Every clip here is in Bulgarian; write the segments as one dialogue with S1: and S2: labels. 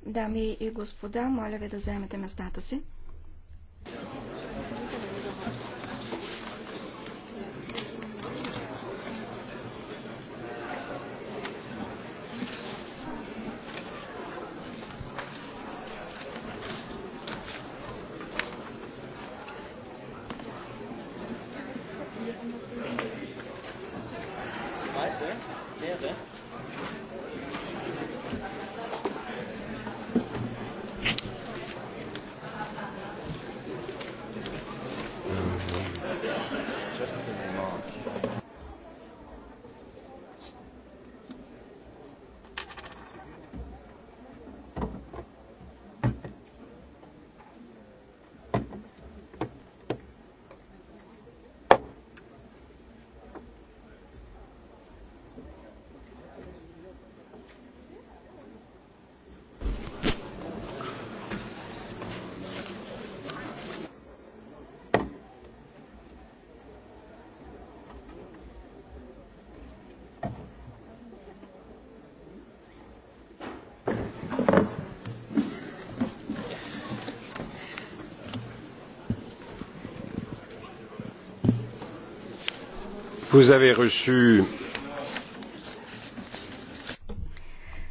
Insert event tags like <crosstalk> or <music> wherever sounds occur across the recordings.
S1: Дами и господа, моля ви да заемете местата си.
S2: avez reçu...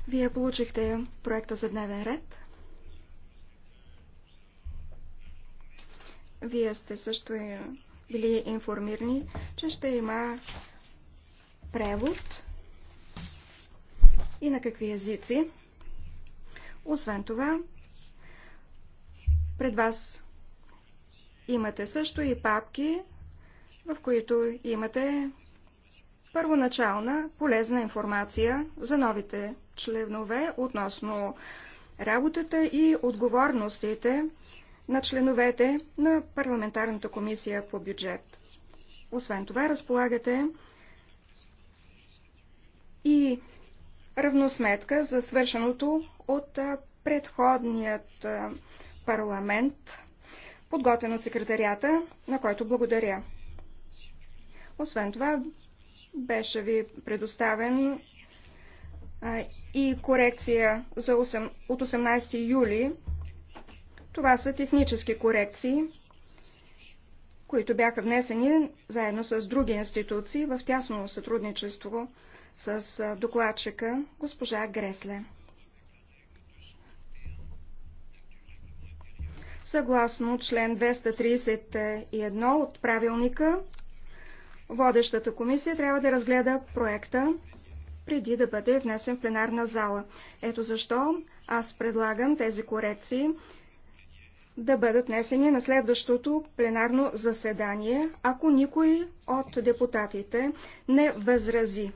S1: Вие получихте проекта за дневен ред. Вие сте също били информирани, че ще има превод и на какви езици. Освен това, пред вас имате също и папки, в които имате първоначална полезна информация за новите членове относно работата и отговорностите на членовете на Парламентарната комисия по бюджет. Освен това, разполагате и равносметка за свършеното от предходният парламент, подготвен от секретарията, на който благодаря. Освен това, беше ви предоставен и корекция за 8, от 18 юли. Това са технически корекции, които бяха внесени заедно с други институции в тясно сътрудничество с докладчика госпожа Гресле. Съгласно член 231 от правилника, Водещата комисия трябва да разгледа проекта преди да бъде внесен в пленарна зала. Ето защо аз предлагам тези корекции да бъдат внесени на следващото пленарно заседание, ако никой от депутатите не възрази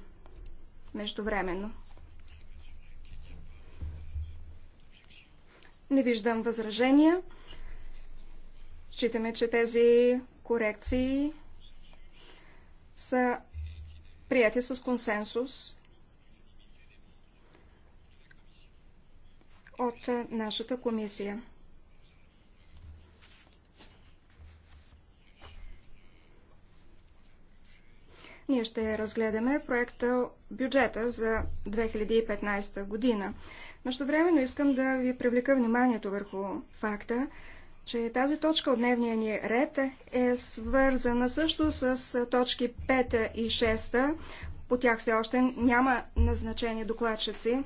S1: междувременно. Не виждам възражения. Считаме, че тези корекции са прияти с консенсус от нашата комисия. Ние ще разгледаме проекта бюджета за 2015 година. Междувременно искам да ви привлека вниманието върху факта, че тази точка от дневния ни ред е свързана също с точки 5 и 6. По тях все още няма назначени докладчици.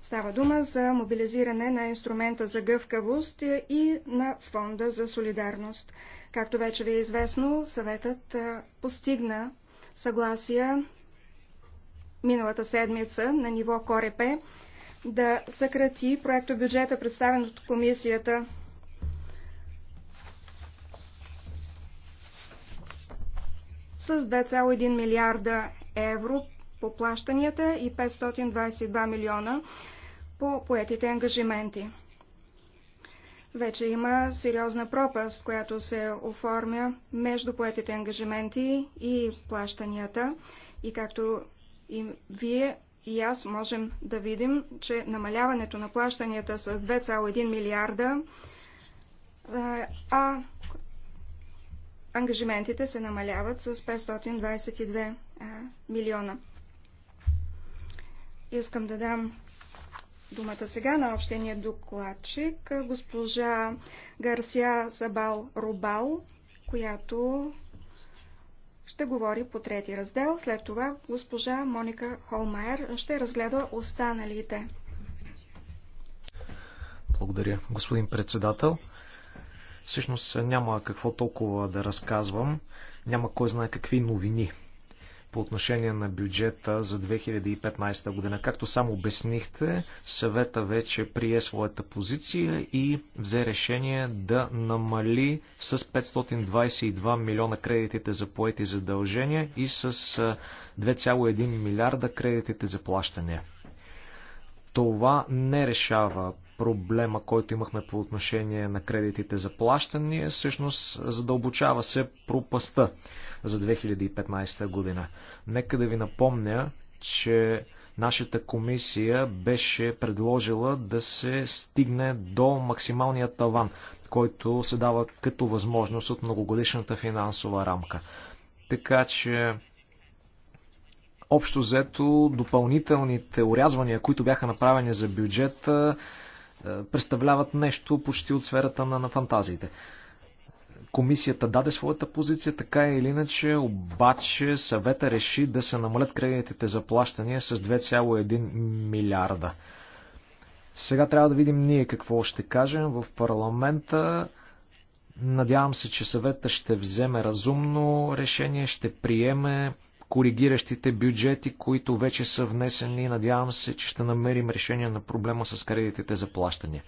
S1: Става дума за мобилизиране на инструмента за гъвкавост и на фонда за солидарност. Както вече ви е известно, съветът постигна съгласие миналата седмица на ниво Корепе да съкрати проекто бюджета, представен от комисията с 2,1 милиарда евро по плащанията и 522 милиона по поетите ангажименти. Вече има сериозна пропаст, която се оформя между поетите ангажименти и плащанията. И както и вие и аз можем да видим, че намаляването на плащанията с 2,1 милиарда, а ангажиментите се намаляват с 522 милиона. Искам да дам думата сега на общения докладчик, госпожа Гарсия Сабал Рубал, която ще говори по трети раздел. След това госпожа Моника Холмайер ще разгледа останалите.
S2: Благодаря, господин председател. Всъщност няма какво толкова да разказвам. Няма кой знае какви новини по отношение на бюджета за 2015 година. Както само обяснихте, съвета вече прие своята позиция и взе решение да намали с 522 милиона кредитите за поети задължения и с 2,1 милиарда кредитите за плащания. Това не решава проблема, който имахме по отношение на кредитите за плащане, всъщност задълбочава се пропаста за 2015 година. Нека да ви напомня, че нашата комисия беше предложила да се стигне до максималния таван, който се дава като възможност от многогодишната финансова рамка. Така че общо взето допълнителните урязвания, които бяха направени за бюджета, е, представляват нещо почти от сферата на, на фантазиите. Комисията даде своята позиция, така или иначе, обаче съвета реши да се намалят кредитите за плащания с 2,1 милиарда. Сега трябва да видим ние какво ще кажем в парламента. Надявам се, че съвета ще вземе разумно решение, ще приеме коригиращите бюджети, които вече са внесени. и Надявам се, че ще намерим решение на проблема с кредитите за плащане.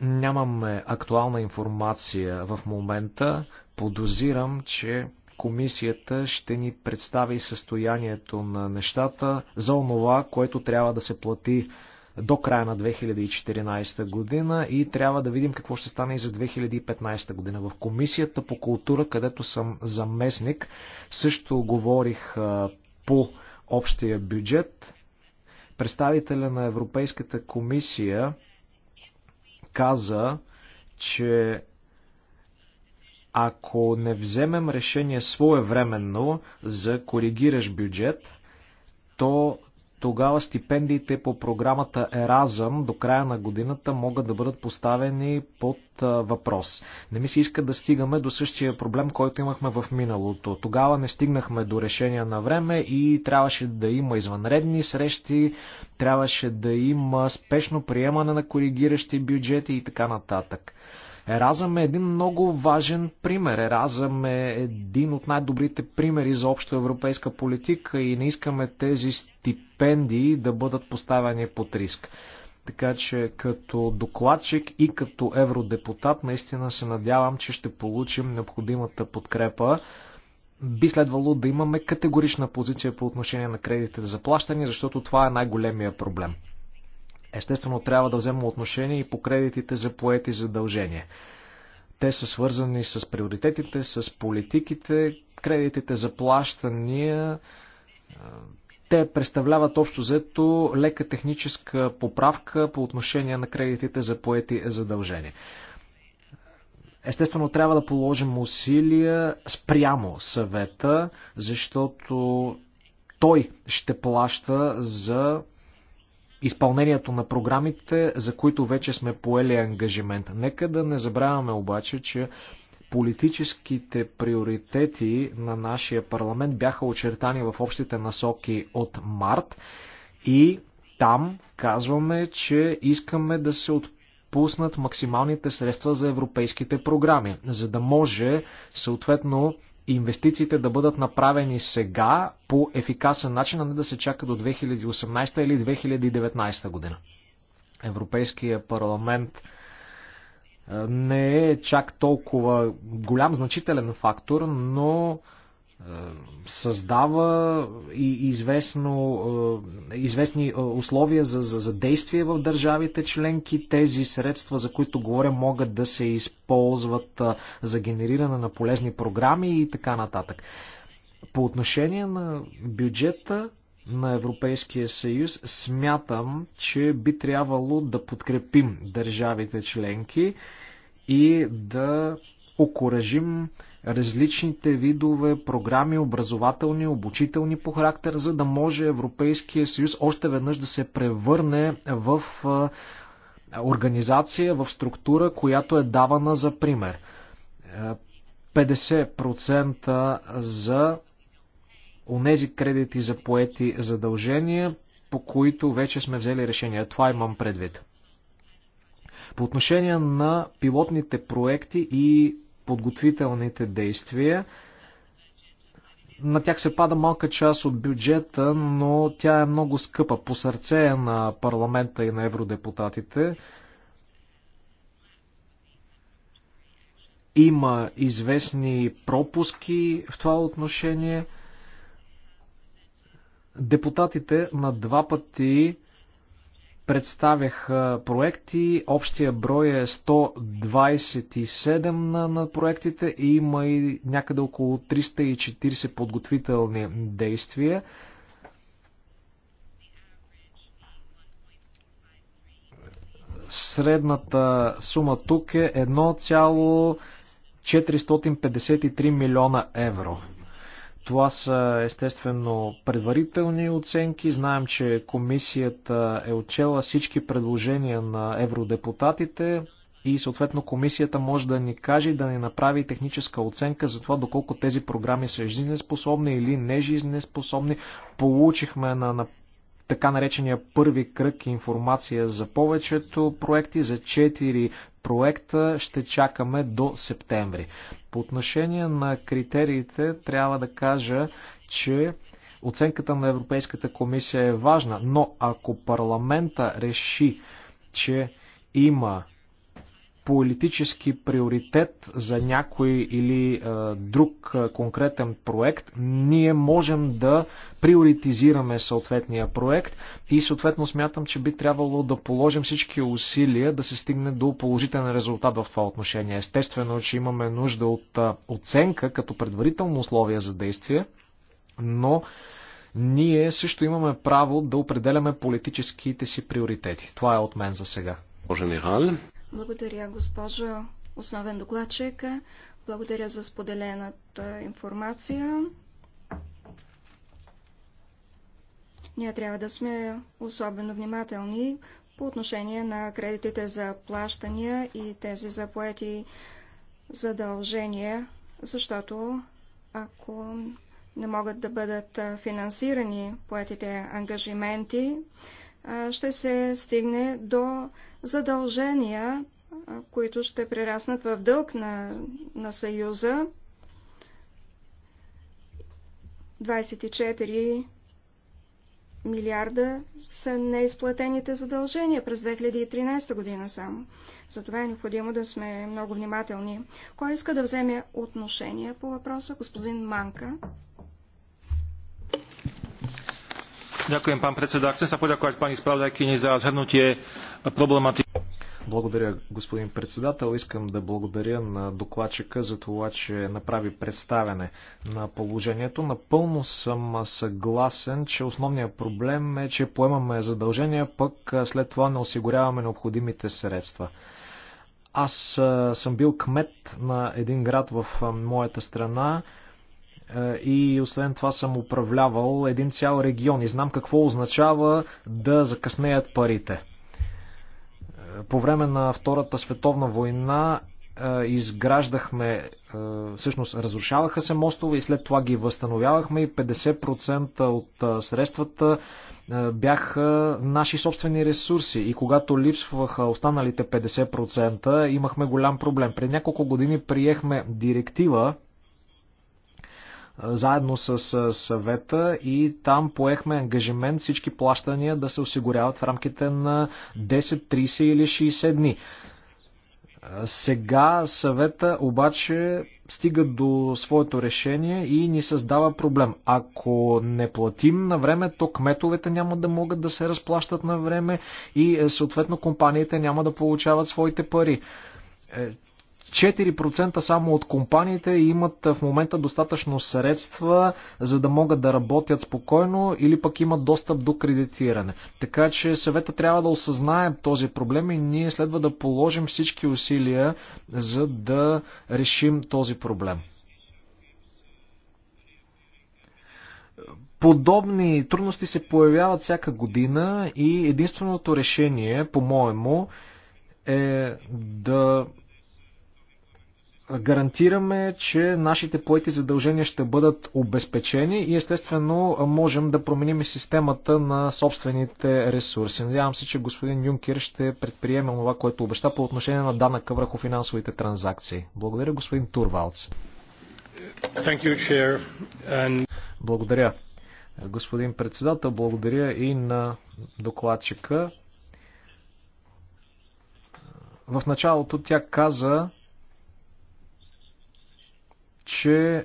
S2: Нямаме актуална информация в момента. Подозирам, че комисията ще ни представи състоянието на нещата за онова, което трябва да се плати до края на 2014 година и трябва да видим какво ще стане и за 2015 година. В Комисията по култура, където съм заместник, също говорих по общия бюджет. Представителя на Европейската комисия каза, че ако не вземем решение своевременно за коригираш бюджет, то тогава стипендиите по програмата Еразъм до края на годината могат да бъдат поставени под въпрос. Не ми се иска да стигаме до същия проблем, който имахме в миналото. Тогава не стигнахме до решение на време и трябваше да има извънредни срещи, трябваше да има спешно приемане на коригиращи бюджети и така нататък. Еразъм е един много важен пример. Еразъм е един от най-добрите примери за обща европейска политика и не искаме тези стипендии да бъдат поставени под риск. Така че като докладчик и като евродепутат наистина се надявам, че ще получим необходимата подкрепа. Би следвало да имаме категорична позиция по отношение на кредитите за плащане, защото това е най-големия проблем. Естествено, трябва да взема отношение и по кредитите за поети задължения. Те са свързани с приоритетите, с политиките, кредитите за плащания. Те представляват общо взето лека техническа поправка по отношение на кредитите за поети задължения. Естествено, трябва да положим усилия спрямо съвета, защото той ще плаща за изпълнението на програмите, за които вече сме поели ангажимент. Нека да не забравяме обаче, че политическите приоритети на нашия парламент бяха очертани в общите насоки от март и там казваме, че искаме да се отпуснат максималните средства за европейските програми, за да може съответно инвестициите да бъдат направени сега по ефикасен начин, а не да се чака до 2018 или 2019 година. Европейския парламент е, не е чак толкова голям значителен фактор, но е, създава и известно, е, известни е, условия за, за, за действие в държавите членки. Тези средства, за които говоря, могат да се използват за генериране на полезни програми и така нататък. По отношение на бюджета на Европейския съюз, смятам, че би трябвало да подкрепим държавите членки и да окоръжим различните видове програми, образователни, обучителни по характер, за да може Европейския съюз още веднъж да се превърне в организация, в структура, която е давана за пример. 50% е, за онези кредити за поети задължения, по които вече сме взели решение. Това имам предвид. По отношение на пилотните проекти и подготвителните действия. На тях се пада малка част от бюджета, но тя е много скъпа. По сърце на парламента и на евродепутатите. Има известни пропуски в това отношение. Депутатите на два пъти представяха проекти. Общия брой е 127 на, на проектите и има и някъде около 340 подготвителни действия. Средната сума тук е 1,453 милиона евро. Това са естествено предварителни оценки. Знаем, че комисията е отчела всички предложения на евродепутатите и съответно комисията може да ни каже да ни направи техническа оценка за това доколко тези програми са жизнеспособни или нежизнеспособни. Получихме на, на така наречения първи кръг информация за повечето проекти, за 4 проекта ще чакаме до септември. По отношение на критериите трябва да кажа, че оценката на Европейската комисия е важна, но ако парламента реши, че има политически приоритет за някой или а, друг а, конкретен проект, ние можем да приоритизираме съответния проект и съответно смятам, че би трябвало да положим всички усилия да се стигне до положителен резултат в това отношение. Естествено, че имаме нужда от а, оценка като предварително условие за действие, но ние също имаме право да определяме политическите си приоритети. Това е от мен за сега. Генерал.
S1: Благодаря, госпожо основен докладчик. Благодаря за споделената информация. Ние трябва да сме особено внимателни по отношение на кредитите за плащания и тези за поети задължения, защото ако не могат да бъдат финансирани поетите ангажименти, ще се стигне до задължения, които ще прераснат в дълг на, на Съюза. 24 милиарда са неизплатените задължения през 2013 година само. Затова е необходимо да сме много внимателни. Кой иска да вземе отношение по въпроса? Господин Манка.
S2: Ďakujem, pán predseda. Chcem sa poďakovať pani spravodajkyni за zhrnutie problematiky. Благодаря, господин председател. Искам да благодаря на докладчика за това, че направи представяне на положението. Напълно съм съгласен, че основният проблем е, че поемаме задължения, пък след това не осигуряваме необходимите средства. Аз съм бил кмет на един град в моята страна. Е, и освен това съм управлявал един цял регион и знам какво означава да закъснеят парите. Е, по време на Втората световна война е, изграждахме, всъщност разрушаваха се мостове и след това ги възстановявахме и 50% от средствата бяха наши собствени ресурси и когато липсваха останалите 50%, имахме голям проблем. Пред няколко години приехме директива заедно с съвета и там поехме ангажимент всички плащания да се осигуряват в рамките на 10, 30 или 60 дни. Сега съвета обаче стига до своето решение и ни създава проблем. Ако не платим на време, то кметовете няма да могат да се разплащат на време и е, съответно компаниите няма да получават своите пари. Е, 4% само от компаниите имат в момента достатъчно средства, за да могат да работят спокойно или пък имат достъп до кредитиране. Така че съвета трябва да осъзнае този проблем и ние следва да положим всички усилия, за да решим този проблем. Подобни трудности се появяват всяка година и единственото решение, по-моему, е да гарантираме, че нашите поети задължения ще бъдат обезпечени и естествено можем да променим и системата на собствените ресурси. Надявам се, че господин Юнкер ще предприеме това, което обеща по отношение на данъка върху финансовите транзакции. Благодаря, господин Турвалц. Thank you, chair. And... Благодаря, господин председател. Благодаря и на докладчика. В началото тя каза, че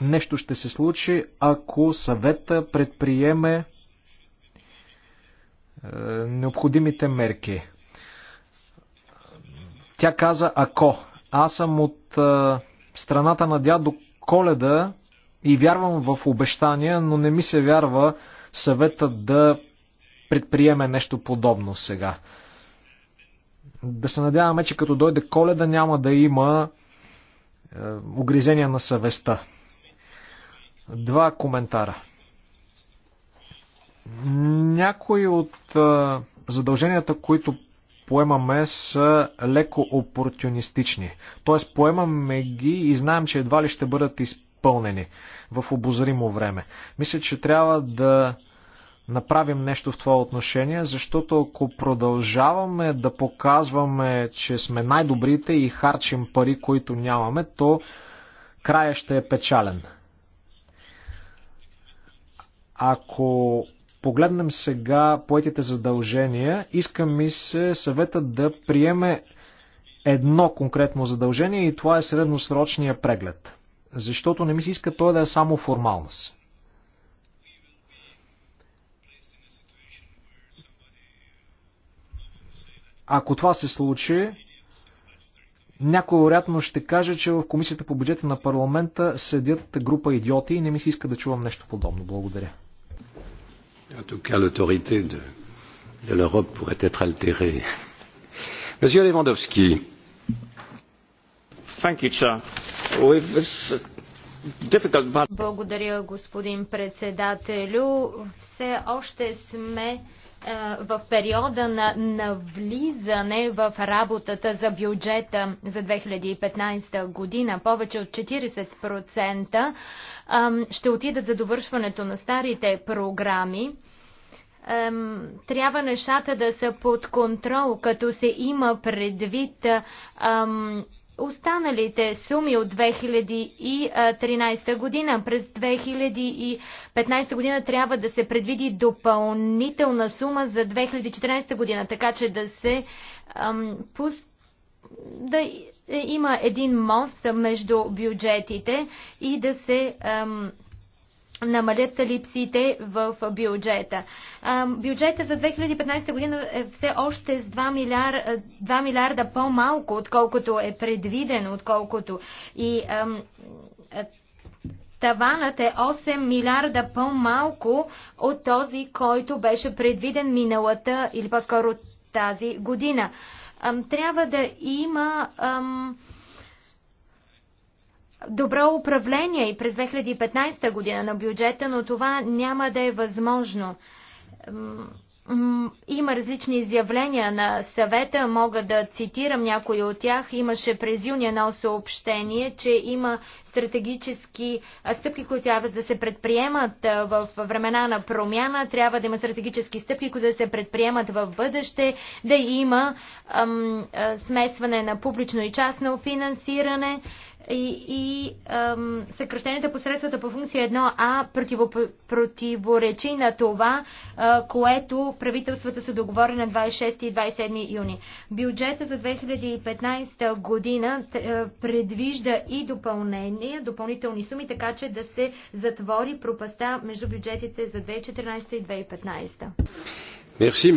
S2: нещо ще се случи, ако съвета предприеме е, необходимите мерки. Тя каза ако. Аз съм от е, страната на дядо Коледа и вярвам в обещания, но не ми се вярва съвета да предприеме нещо подобно сега. Да се надяваме, че като дойде Коледа няма да има е, огризения на съвестта. Два коментара. Някои от е, задълженията, които поемаме са леко опортунистични. Т.е. поемаме ги и знаем, че едва ли ще бъдат изпълнени в обозримо време. Мисля, че трябва да направим нещо в това отношение, защото ако продължаваме да показваме, че сме най-добрите и харчим пари, които нямаме, то края ще е печален. Ако погледнем сега поетите задължения, иска ми се съвета да приеме едно конкретно задължение и това е средносрочния преглед. Защото не ми се иска той да е само формалност. Ако това се случи, някой вероятно ще каже, че в комисията по бюджета на парламента седят група идиоти и не ми се иска да чувам нещо подобно. Благодаря.
S1: En tout cas, l'autorité de, de l'Europe pourrait être altérée. Monsieur Lewandowski. Thank you,
S2: Difficult...
S3: Благодаря, господин председателю. Все още сме е, в периода на навлизане в работата за бюджета за 2015 година повече от 40% ще отидат за довършването на старите програми. Трябва нещата да са под контрол, като се има предвид Останалите суми от 2013 година през 2015 година трябва да се предвиди допълнителна сума за 2014 година, така че да се ам, пус... да е, има един мост между бюджетите и да се ам, намалят липсите в бюджета. Бюджета за 2015 година е все още с 2 милиарда, 2 милиарда по-малко, отколкото е предвиден, отколкото и ам, Таванът е 8 милиарда по-малко от този, който беше предвиден миналата или по-скоро тази година. Ам, трябва да има ам, добро управление и през 2015 година на бюджета, но това няма да е възможно. Има различни изявления на съвета, мога да цитирам някои от тях. Имаше през юни едно съобщение, че има стратегически стъпки, които трябва да се предприемат в времена на промяна, трябва да има стратегически стъпки, които да се предприемат в бъдеще, да има ам, смесване на публично и частно финансиране и, и ам, съкръщенията по по функция 1А противо, противоречи на това, а, което правителствата са договори на 26 и 27 юни. Бюджета за 2015 година а, предвижда и допълнение, допълнителни суми, така че да се затвори пропаста между бюджетите за 2014 и 2015. Мерси,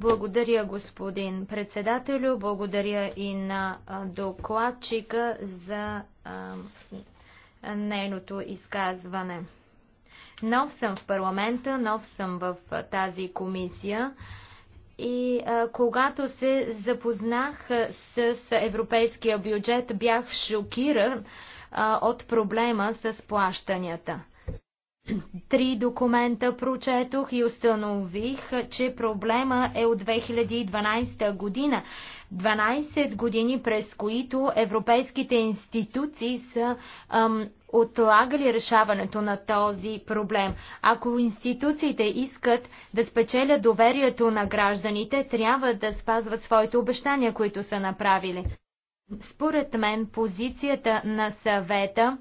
S3: благодаря, господин председателю. Благодаря и на докладчика за нейното изказване. Нов съм в парламента, нов съм в тази комисия. И а, когато се запознах с европейския бюджет, бях шокиран а, от проблема с плащанията. Три документа прочетох и установих, че проблема е от 2012 година. 12 години, през които европейските институции са ам, отлагали решаването на този проблем. Ако институциите искат да спечелят доверието на гражданите, трябва да спазват своите обещания, които са направили. Според мен позицията на съвета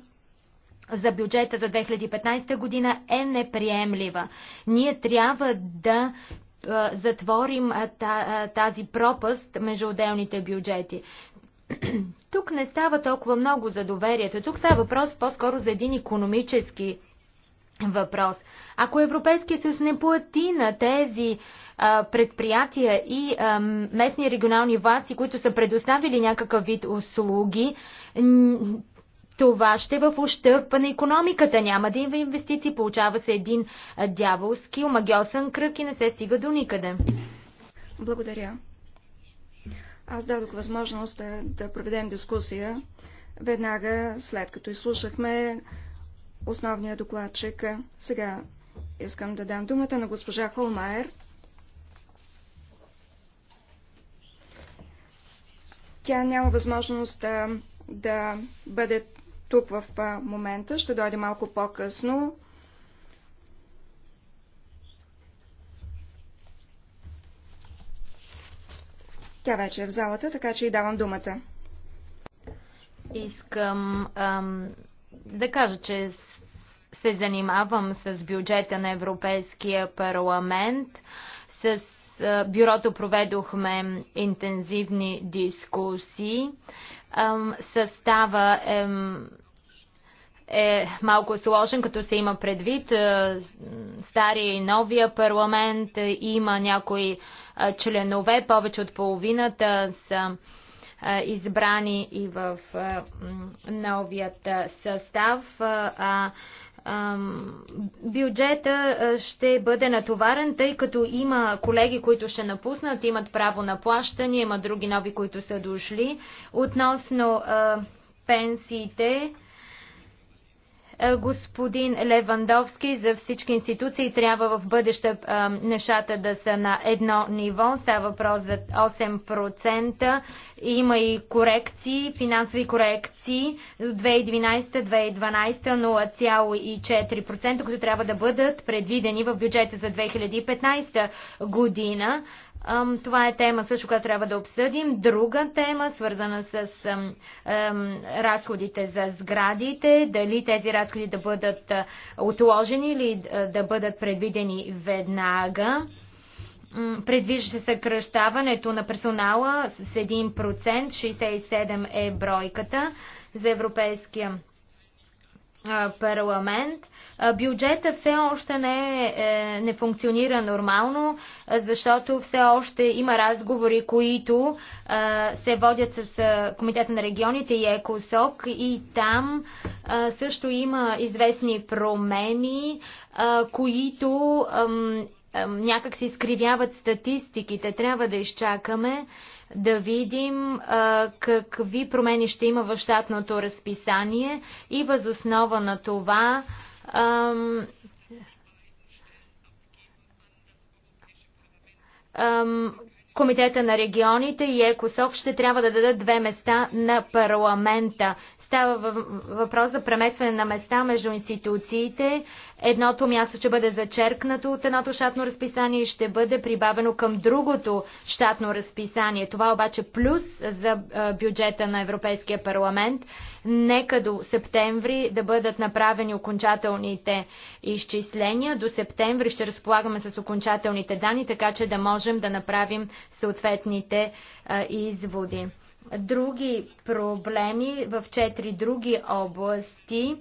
S3: за бюджета за 2015 година е неприемлива. Ние трябва да затворим тази пропаст между отделните бюджети. <clears throat> Тук не става толкова много за доверието. Тук става въпрос по-скоро за един економически въпрос. Ако Европейския съюз не плати на тези предприятия и местни регионални власти, които са предоставили някакъв вид услуги, това ще е в ущърп на економиката. Няма да има инвестиции, получава се един дяволски, омагиосен кръг и не се стига до никъде.
S1: Благодаря. Аз дадох възможност да, да проведем дискусия веднага след като изслушахме основния докладчик. Сега искам да дам думата на госпожа Холмайер. Тя няма възможност да, да бъде тук в момента, ще дойде малко по-късно. Тя вече е в
S3: залата, така че и давам думата. Искам ам, да кажа, че се занимавам с бюджета на Европейския парламент, с бюрото проведохме интензивни дискусии. Състава е, е малко сложен, като се има предвид. Стария и новия парламент има някои членове, повече от половината са избрани и в новият състав. А бюджета ще бъде натоварен, тъй като има колеги, които ще напуснат, имат право на плащане, има други нови, които са дошли. Относно пенсиите, е, господин Левандовски за всички институции трябва в бъдеще е, нещата да са на едно ниво. Става въпрос за 8%. Има и корекции, финансови корекции за 2011-2012 0,4%, които трябва да бъдат предвидени в бюджета за 2015 година. Това е тема също, която трябва да обсъдим. Друга тема, свързана с разходите за сградите, дали тези разходи да бъдат отложени или да бъдат предвидени веднага. Предвижда се съкръщаването на персонала с 1%, 67 е бройката за Европейския парламент. Бюджета все още не, е, е, не функционира нормално, защото все още има разговори, които се водят с Комитета на регионите и ЕКОСОК и там също има известни промени, които някак се изкривяват статистиките. Трябва да изчакаме да видим а, какви промени ще има в щатното разписание и възоснова на това ам, ам, Комитета на регионите и ЕКОСОК ще трябва да дадат две места на парламента. Става въпрос за преместване на места между институциите. Едното място ще бъде зачеркнато от едното щатно разписание и ще бъде прибавено към другото щатно разписание. Това обаче плюс за бюджета на Европейския парламент. Нека до септември да бъдат направени окончателните изчисления. До септември ще разполагаме с окончателните данни, така че да можем да направим съответните изводи други проблеми в четири други области.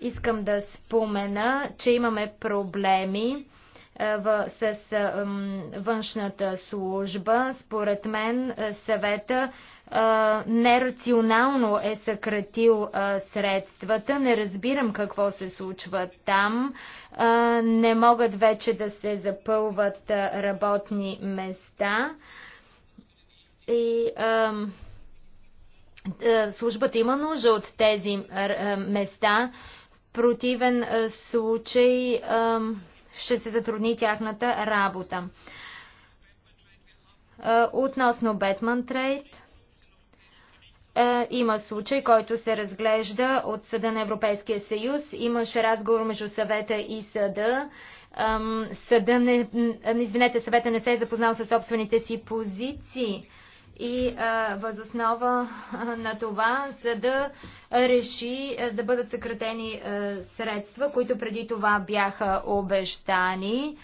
S3: Искам да спомена, че имаме проблеми е, с външната служба. Според мен е, съвета е, нерационално е съкратил средствата. Не разбирам какво се случва там. Не могат вече да се запълват работни места. И е, службата има нужда от тези е, места. В противен е, случай ще се затрудни тяхната работа. Относно Бетман Трейд, има случай, който се разглежда от Съда на Европейския съюз. Имаше разговор между съвета и съда. Съда не, извинете, съвета не се е запознал с собствените си позиции и възоснова на това, за да реши да бъдат съкратени средства, които преди това бяха обещани.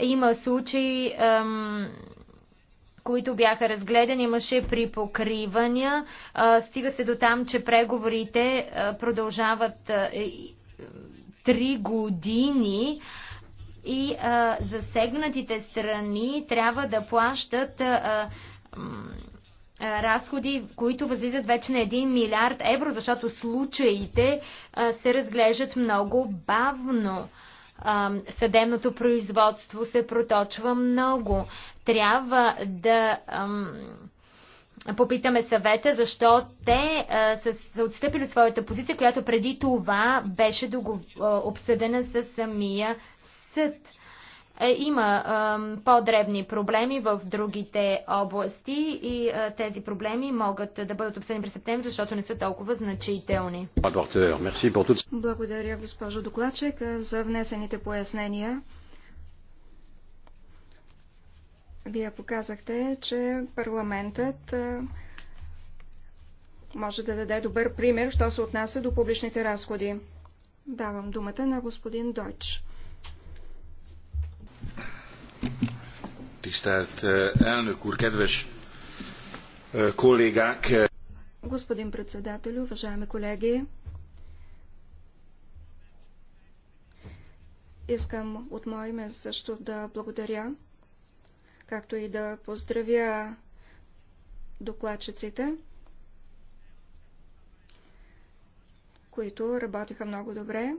S3: Има случаи, които бяха разгледани, имаше при покривания. стига се до там, че преговорите продължават три години и а, засегнатите страни трябва да плащат а, е, разходи, които възлизат вече на 1 милиард евро, защото случаите е, се разглеждат много бавно. Е, съдебното производство се проточва много. Трябва да попитаме съвета, защо те а, са, отстъпили от своята позиция, която преди това беше догов... обсъдена със самия съд. Е, има по-дребни проблеми в другите области и тези проблеми могат да бъдат обсъдени през септември, защото не са толкова значителни. Благодаря, госпожо докладчик, за внесените
S1: пояснения. Вие показахте, че парламентът може да даде добър пример, що се отнася до публичните разходи. Давам думата на господин Дойч.
S3: Tisztelt eh, elnök
S1: úr, kedves eh, kollégák! Eh, Господин председател, уважаеми колеги, искам от мое име също да благодаря, както и да поздравя докладчиците, които работиха много добре.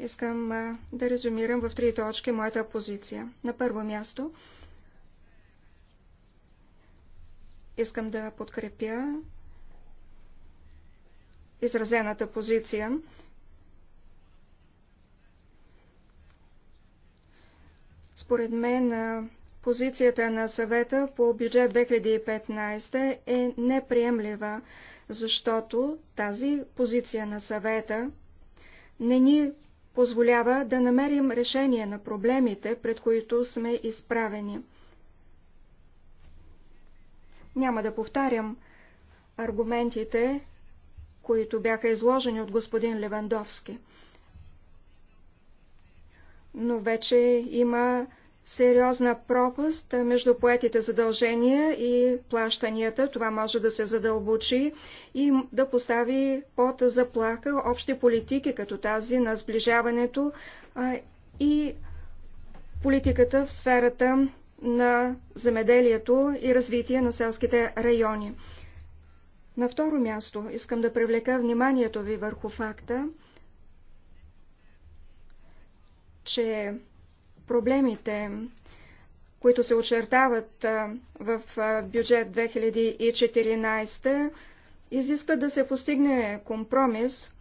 S1: Искам да резюмирам в три точки моята позиция. На първо място искам да подкрепя изразената позиция Според мен позицията на съвета по бюджет 2015 е неприемлива, защото тази позиция на съвета не ни позволява да намерим решение на проблемите, пред които сме изправени. Няма да повтарям аргументите, които бяха изложени от господин Левандовски. Но вече има сериозна пропаст между поетите задължения и плащанията. Това може да се задълбочи и да постави под заплаха общи политики, като тази на сближаването и политиката в сферата на земеделието и развитие на селските райони. На второ място искам да привлека вниманието ви върху факта, че проблемите, които се очертават в бюджет 2014, изискват да се постигне компромис,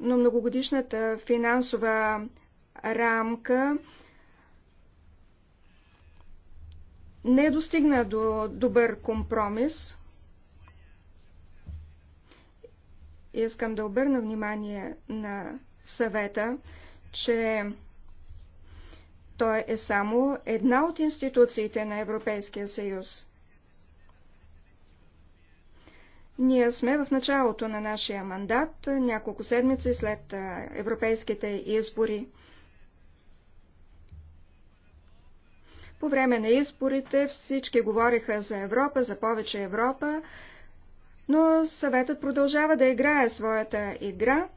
S1: но многогодишната финансова рамка не е достигна до добър компромис. Искам да обърна внимание на съвета, че той е само една от институциите на Европейския съюз. Ние сме в началото на нашия мандат, няколко седмици след европейските избори. По време на изборите всички говориха за Европа, за повече Европа, но съветът продължава да играе своята игра –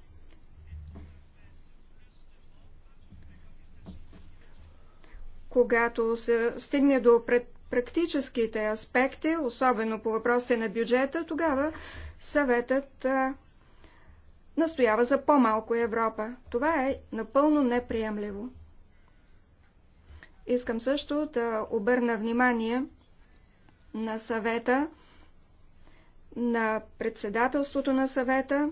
S1: когато се стигне до пред практическите аспекти, особено по въпросите на бюджета, тогава съветът а, настоява за по-малко Европа. Това е напълно неприемливо. Искам също да обърна внимание на съвета, на председателството на съвета,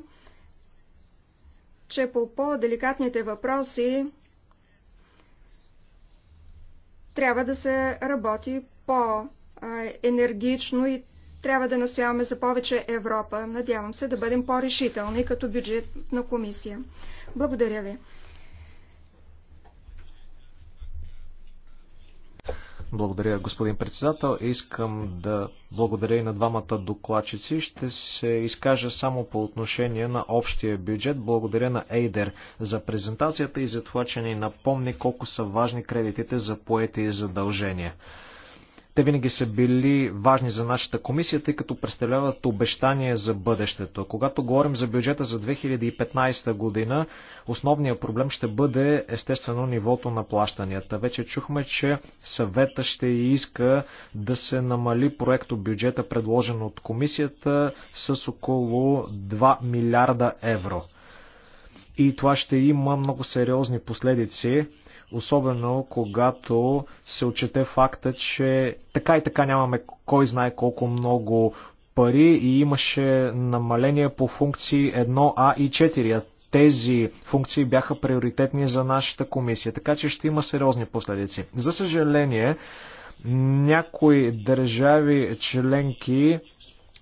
S1: че по по-деликатните въпроси трябва да се работи по-енергично и трябва да настояваме за повече Европа. Надявам се да бъдем по-решителни като бюджет на комисия. Благодаря ви.
S2: Благодаря, господин председател. Искам да благодаря и на двамата докладчици. Ще се изкажа само по отношение на общия бюджет. Благодаря на Ейдер за презентацията и за това, че ни напомни колко са важни кредитите за поети и задължения. Те винаги са били важни за нашата комисия, тъй като представляват обещания за бъдещето. Когато говорим за бюджета за 2015 година, основният проблем ще бъде естествено нивото на плащанията. Вече чухме, че съвета ще иска да се намали проекто бюджета, предложен от комисията, с около 2 милиарда евро. И това ще има много сериозни последици особено когато се отчете факта, че така и така нямаме кой знае колко много пари и имаше намаление по функции 1А и 4. А тези функции бяха приоритетни за нашата комисия, така че ще има сериозни последици. За съжаление, някои държави членки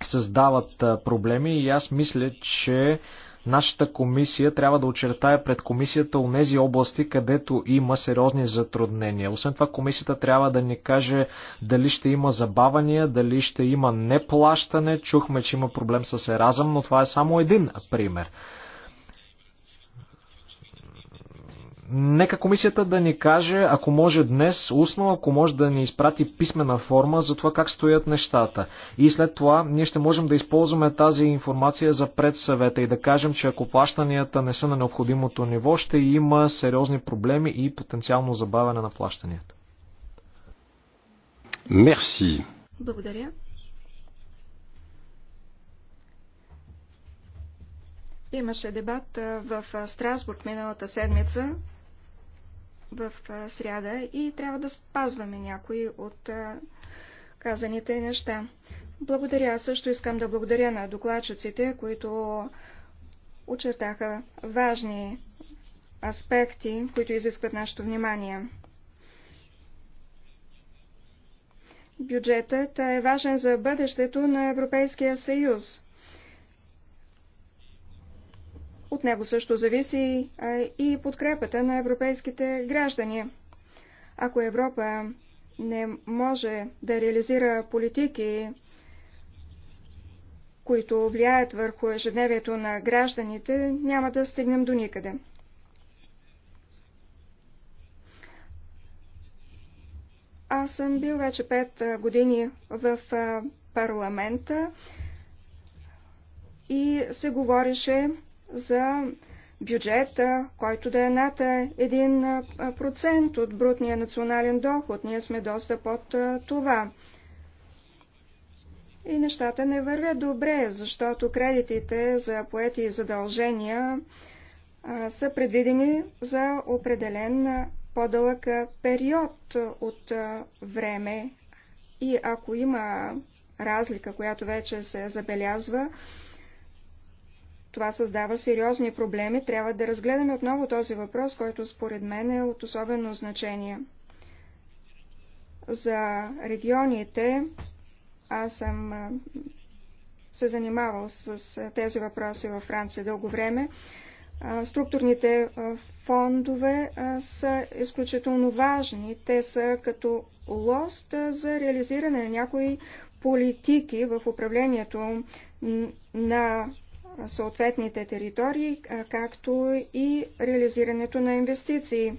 S2: създават проблеми и аз мисля, че Нашата комисия трябва да очертая пред комисията у нези области, където има сериозни затруднения. Освен това, комисията трябва да ни каже дали ще има забавания, дали ще има неплащане. Чухме, че има проблем с еразъм, но това е само един пример. Нека комисията да ни каже, ако може днес, устно, ако може да ни изпрати писмена форма за това как стоят нещата. И след това ние ще можем да използваме тази информация за предсъвета и да кажем, че ако плащанията не са на необходимото ниво, ще има сериозни проблеми и потенциално забавяне на плащанията. Мерси.
S1: Благодаря. Имаше дебат в Страсбург миналата седмица в сряда и трябва да спазваме някои от казаните неща. Благодаря. Също искам да благодаря на докладчиците, които очертаха важни аспекти, които изискват нашето внимание. Бюджетът е важен за бъдещето на Европейския съюз. От него също зависи и подкрепата на европейските граждани. Ако Европа не може да реализира политики, които влияят върху ежедневието на гражданите, няма да стигнем до никъде. Аз съм бил вече пет години в парламента и се говореше за бюджета, който да е над 1% от брутния национален доход. Ние сме доста под това. И нещата не вървят добре, защото кредитите за поети и задължения са предвидени за определен по-дълъг период от време. И ако има разлика, която вече се забелязва, това създава сериозни проблеми. Трябва да разгледаме отново този въпрос, който според мен е от особено значение. За регионите аз съм се занимавал с тези въпроси във Франция дълго време. Структурните фондове са изключително важни. Те са като лост за реализиране на някои политики в управлението на съответните територии, както и реализирането на инвестиции.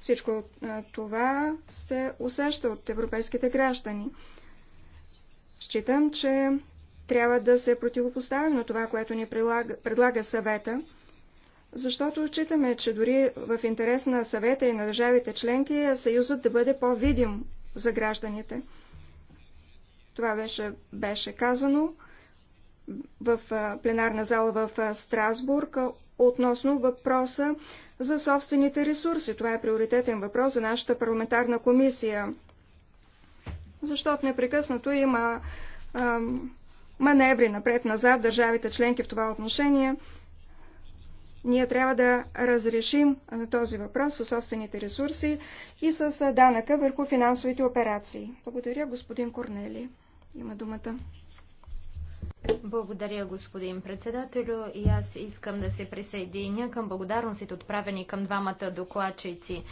S1: Всичко това се усеща от европейските граждани. Считам, че трябва да се противопоставим на това, което ни предлага, предлага съвета, защото считаме, че дори в интерес на съвета и на държавите членки е съюзът да бъде по-видим за гражданите. Това беше, беше казано в пленарна зала в Страсбург относно въпроса за собствените ресурси. Това е приоритетен въпрос за нашата парламентарна комисия, защото непрекъснато има ам, маневри напред-назад държавите членки в това отношение. Ние трябва да разрешим този въпрос със собствените ресурси и с данъка върху финансовите операции. Благодаря, господин Корнели. Има думата.
S3: Благодаря, господин председател, И аз искам да се присъединя към благодарностите, отправени към двамата докладчици.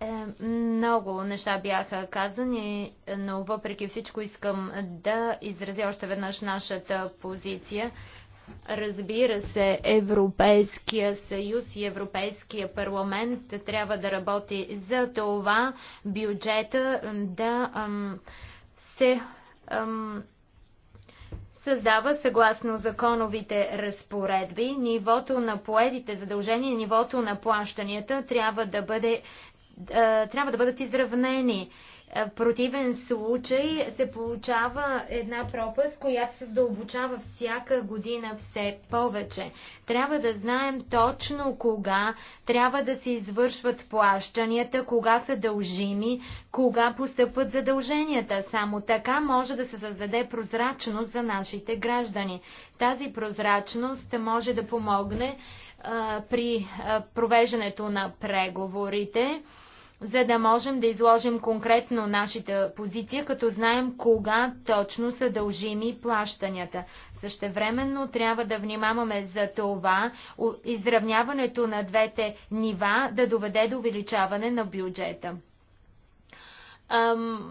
S3: Е, много неща бяха казани, но въпреки всичко искам да изразя още веднъж нашата позиция. Разбира се, Европейския съюз и Европейския парламент трябва да работи за това бюджета да ам, се ам, създава съгласно законовите разпоредби. Нивото на поедите задължения, нивото на плащанията трябва да бъде е, трябва да бъдат изравнени. Е, в противен случай се получава една пропаст, която се задълбочава всяка година все повече. Трябва да знаем точно кога трябва да се извършват плащанията, кога са дължими, кога постъпват задълженията. Само така може да се създаде прозрачност за нашите граждани. Тази прозрачност може да помогне а, при а, провеждането на преговорите за да можем да изложим конкретно нашата позиция, като знаем кога точно са дължими плащанията. Същевременно трябва да внимаваме за това изравняването на двете нива да доведе до увеличаване на бюджета. Ам...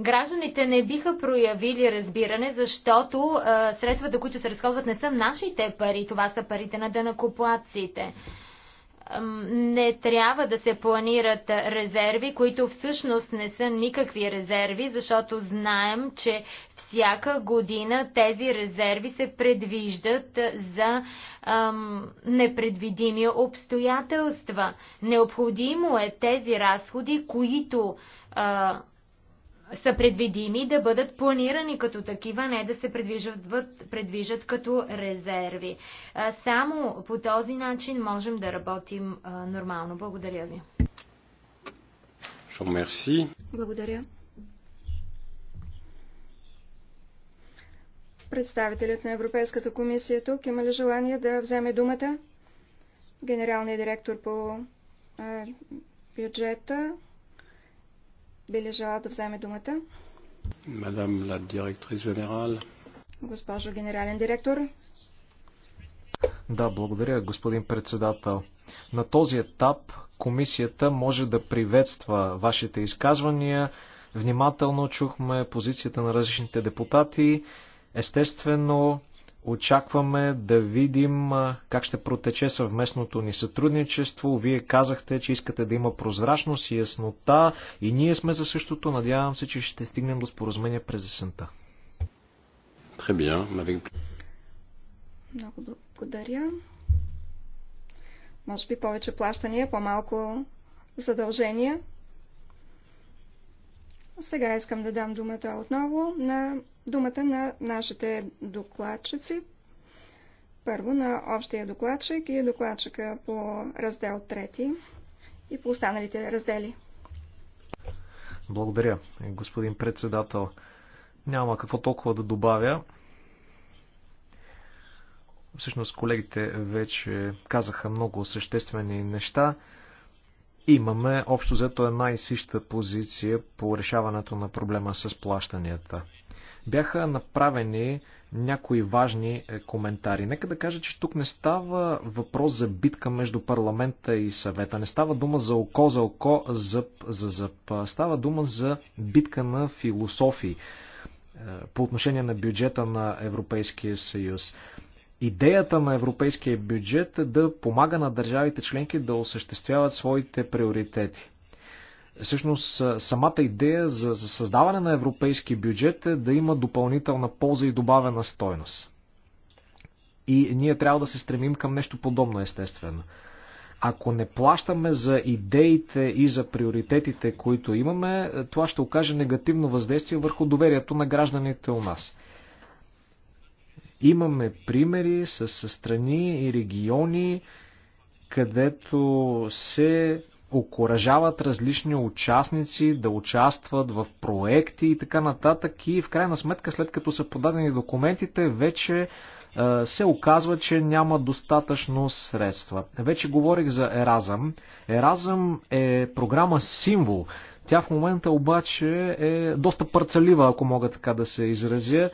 S3: Гражданите не биха проявили разбиране, защото а, средствата, които се разходват, не са нашите пари, това са парите на дънакоплаците не трябва да се планират резерви, които всъщност не са никакви резерви, защото знаем, че всяка година тези резерви се предвиждат за ам, непредвидими обстоятелства. Необходимо е тези разходи, които а, са предвидими да бъдат планирани като такива, не да се предвижат, предвижат като резерви. Само по този начин можем да работим нормално. Благодаря ви. Благодаря.
S1: Представителят на Европейската комисия тук има ли желание да вземе думата? Генералният директор по бюджета би ли желала да вземе думата? Мадам ла директрис генерал. Госпожо генерален директор.
S2: Да, благодаря, господин председател. На този етап комисията може да приветства вашите изказвания. Внимателно чухме позицията на различните депутати. Естествено, Очакваме да видим как ще протече съвместното ни сътрудничество. Вие казахте, че искате да има прозрачност и яснота и ние сме за същото. Надявам се, че ще стигнем до споразумение през есента.
S1: Много благодаря. Може би повече плащания, по-малко задължения. Сега искам да дам думата отново на думата на нашите докладчици. Първо на общия докладчик и докладчика по раздел 3 и по останалите раздели.
S2: Благодаря, господин председател. Няма какво толкова да добавя. Всъщност колегите вече казаха много съществени неща. Имаме общо взето една и съща позиция по решаването на проблема с плащанията бяха направени някои важни е, коментари. Нека да кажа, че тук не става въпрос за битка между парламента и съвета. Не става дума за око за око, зъб за зъб. Става дума за битка на философии е, по отношение на бюджета на Европейския съюз. Идеята на европейския бюджет е да помага на държавите членки да осъществяват своите приоритети. Всъщност самата идея за, за създаване на европейски бюджет е да има допълнителна полза и добавена стойност. И ние трябва да се стремим към нещо подобно, естествено. Ако не плащаме за идеите и за приоритетите, които имаме, е, това ще окаже негативно въздействие върху доверието на гражданите у нас. Имаме примери с страни и региони, където се окоръжават различни участници да участват в проекти и така нататък и в крайна сметка след като са подадени документите вече е, се оказва, че няма достатъчно средства. Вече говорих за Еразъм. Еразъм е програма символ. Тя в момента обаче е доста парцалива, ако мога така да се изразя.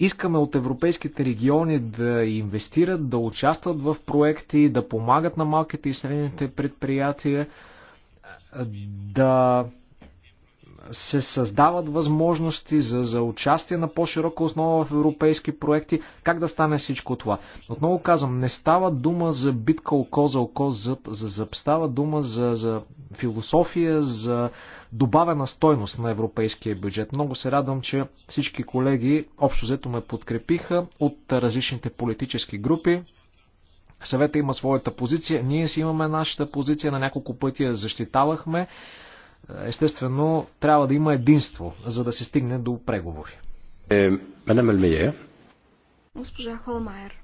S2: Искаме от европейските региони да инвестират, да участват в проекти, да помагат на малките и средните предприятия, да се създават възможности за, за участие на по-широка основа в европейски проекти. Как да стане всичко това? Отново казвам, не става дума за битка око за око, зъб за зъб. Става дума за, за философия, за добавена стойност на европейския бюджет. Много се радвам, че всички колеги общо взето ме подкрепиха от различните политически групи. Съвета има своята позиция, ние си имаме нашата позиция, на няколко пъти я защитавахме. Естествено, трябва да има единство, за да се стигне до преговори.
S3: Е, Госпожа Холмайер.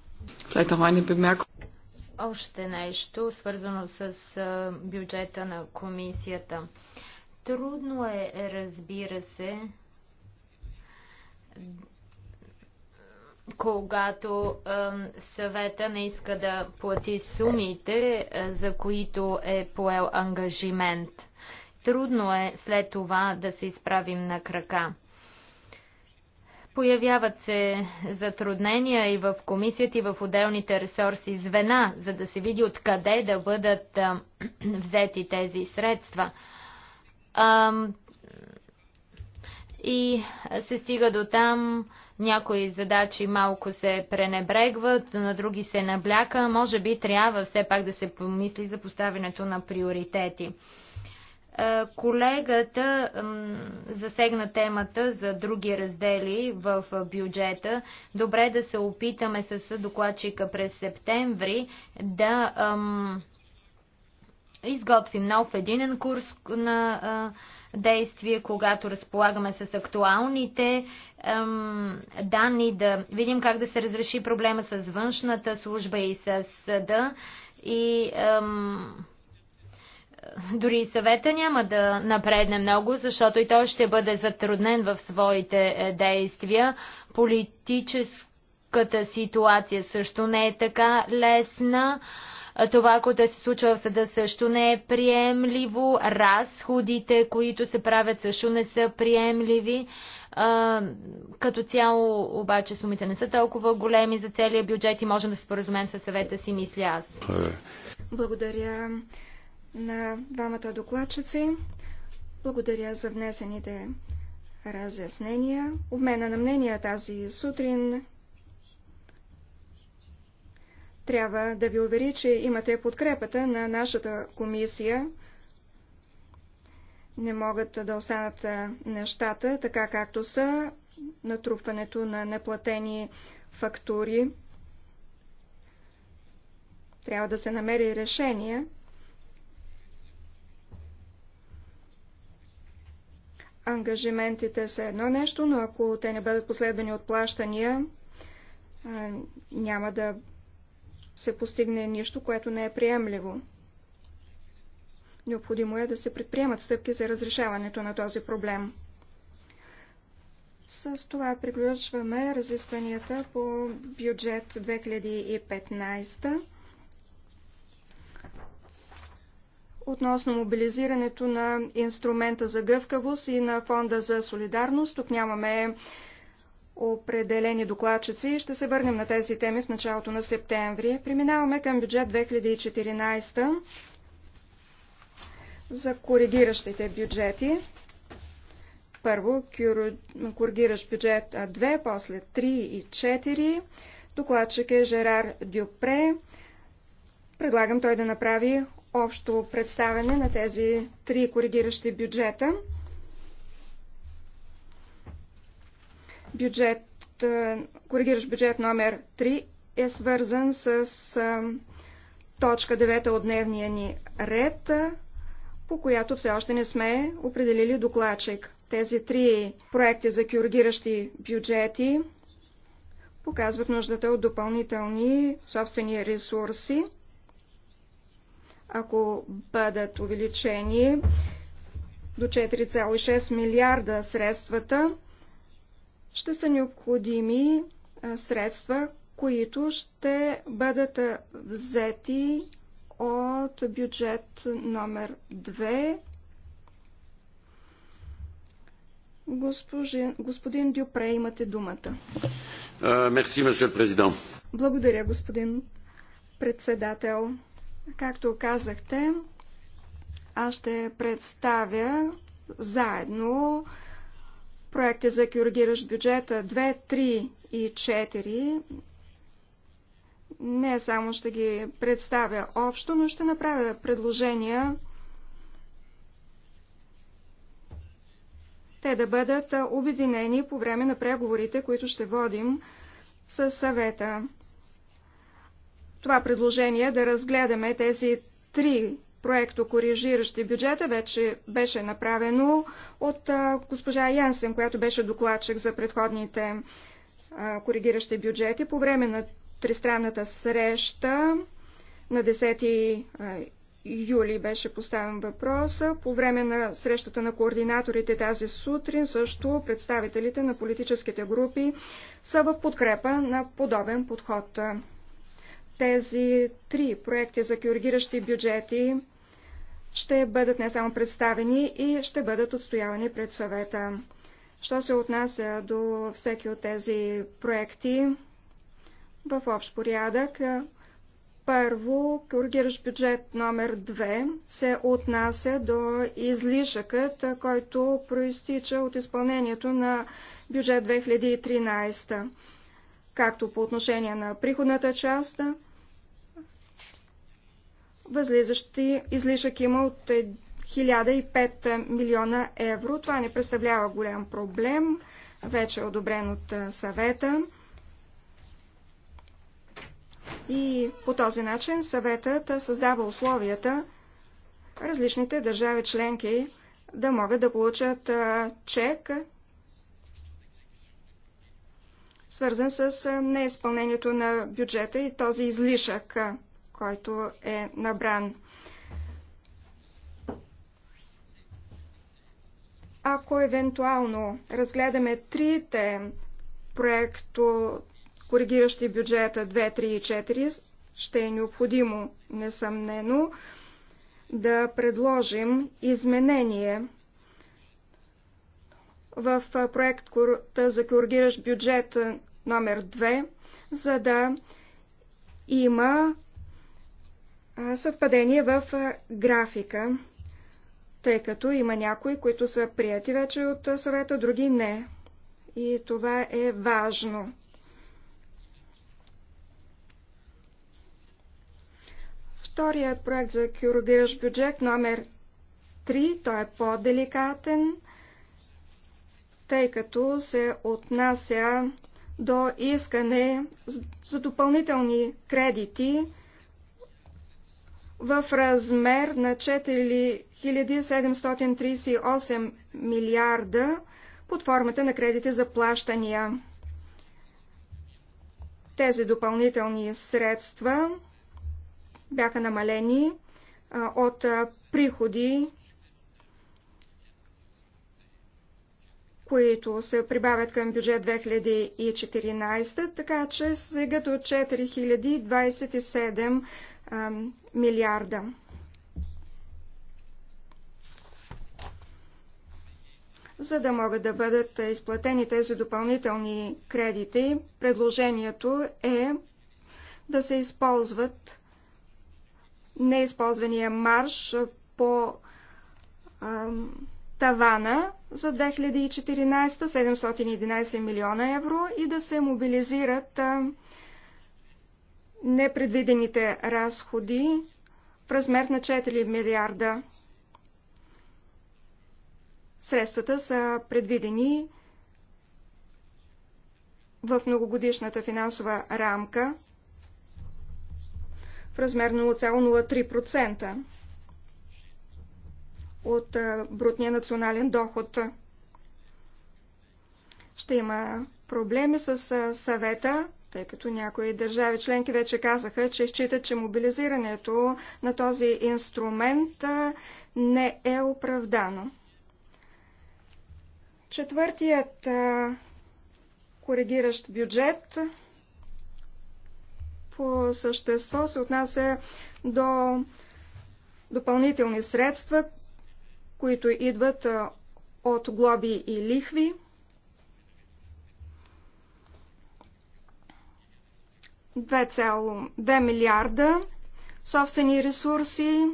S3: Още нещо, свързано с бюджета на комисията. Трудно е, разбира се, когато съвета не иска да плати сумите, за които е поел ангажимент. Трудно е след това да се изправим на крака. Появяват се затруднения и в комисията, и в отделните ресурси звена, за да се види откъде да бъдат <clears throat> взети тези средства. и се стига до там, някои задачи малко се пренебрегват, на други се набляка. Може би трябва все пак да се помисли за поставянето на приоритети. Е, колегата засегна темата за други раздели в бюджета. Добре да се опитаме с докладчика през септември да изготвим нов единен курс на действие, когато разполагаме с актуалните ам, данни, да видим как да се разреши проблема с външната служба и с съда и дори и съвета няма да напредне много, защото и той ще бъде затруднен в своите е, действия. Политическата ситуация също не е така лесна. Това, което се случва в съда също не е приемливо. Разходите, които се правят също не са приемливи. като цяло обаче сумите не са толкова големи за целия бюджет и можем да се споразумем със съвета си, мисля аз.
S1: Благодаря на двамата докладчици. Благодаря за внесените разяснения. Обмена на мнения тази сутрин трябва да ви увери, че имате подкрепата на нашата комисия. Не могат да останат нещата така както са натрупването на неплатени фактури. Трябва да се намери решение ангажиментите са едно нещо, но ако те не бъдат последвани от плащания, няма да се постигне нищо, което не е приемливо. Необходимо е да се предприемат стъпки за разрешаването на този проблем. С това приключваме разискванията по бюджет 2015. относно мобилизирането на инструмента за гъвкавост и на фонда за солидарност. Тук нямаме определени докладчици. Ще се върнем на тези теми в началото на септември. Преминаваме към бюджет 2014 за коригиращите бюджети. Първо коригиращ бюджет 2, после 3 и 4. Докладчик е Жерар Дюпре. Предлагам той да направи общо представяне на тези три коригиращи бюджета. Бюджет, е, коригиращ бюджет номер 3 е свързан с е, точка 9 от дневния ни ред, е, по която все още не сме определили докладчик. Тези три проекти за коригиращи бюджети показват нуждата от допълнителни собствени ресурси ако бъдат увеличени до 4,6 милиарда средствата, ще са необходими средства, които ще бъдат взети от бюджет номер 2. господин Дюпре, имате думата. Мерси, uh, президент. Благодаря, господин председател. Както казахте, аз ще представя заедно проекти за коригиращ бюджета 2, 3 и 4. Не само ще ги представя общо, но ще направя предложения те да бъдат обединени по време на преговорите, които ще водим със съвета това предложение е да разгледаме тези три проекто корижиращи бюджета вече беше направено от а, госпожа Янсен, която беше докладчик за предходните а, коригиращи бюджети. По време на тристранната среща на 10 а, юли беше поставен въпрос. По време на срещата на координаторите тази сутрин също представителите на политическите групи са в подкрепа на подобен подход. Тези три проекти за кюргиращи бюджети ще бъдат не само представени и ще бъдат отстоявани пред съвета. Що се отнася до всеки от тези проекти, в общ порядък, първо, коригиращ бюджет номер 2 се отнася до излишъкът, който проистича от изпълнението на бюджет 2013, както по отношение на приходната част, Възлизащи излишък има от 1005 е, милиона евро. Това не представлява голям проблем. Вече е одобрен от е, съвета. И по този начин съветът е, създава условията различните държави членки да могат да получат чек, свързан с неизпълнението на бюджета и този излишък който е набран. Ако евентуално разгледаме трите проекто коригиращи бюджета 2, 3 и 4, ще е необходимо, несъмнено, да предложим изменение в проект за коригиращ бюджет номер 2, за да има съвпадение в графика, тъй като има някои, които са прияти вече от съвета, други не. И това е важно. Вторият проект за кюродиращ бюджет номер 3, той е по-деликатен, тъй като се отнася до искане за допълнителни кредити в размер на 4738 милиарда под формата на кредити за плащания. Тези допълнителни средства бяха намалени от приходи, които се прибавят към бюджет 2014, така че сега до 4027 милиарда. За да могат да бъдат изплатени тези допълнителни кредити, предложението е да се използват неизползвания марш по тавана за 2014 711 милиона евро и да се мобилизират непредвидените разходи в размер на 4 милиарда. Средствата са предвидени в многогодишната финансова рамка в размер 0,03% от брутния национален доход. Ще има проблеми с съвета тъй като някои държави членки вече казаха, че считат, че мобилизирането на този инструмент не е оправдано. Четвъртият коригиращ бюджет по същество се отнася до допълнителни средства, които идват от глоби и лихви. 2,2 милиарда собствени ресурси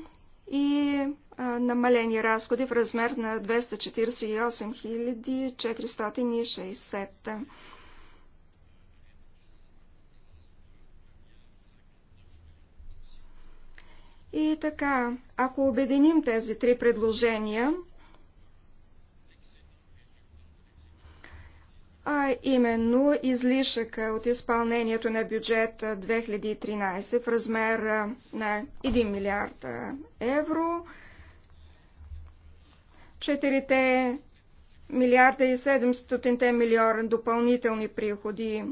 S1: и а, намалени разходи в размер на 248 460. И така, ако обединим тези три предложения, а именно излишъка от изпълнението на бюджет 2013 в размер на 1 милиард евро. 4 милиарда и 700 милиона допълнителни приходи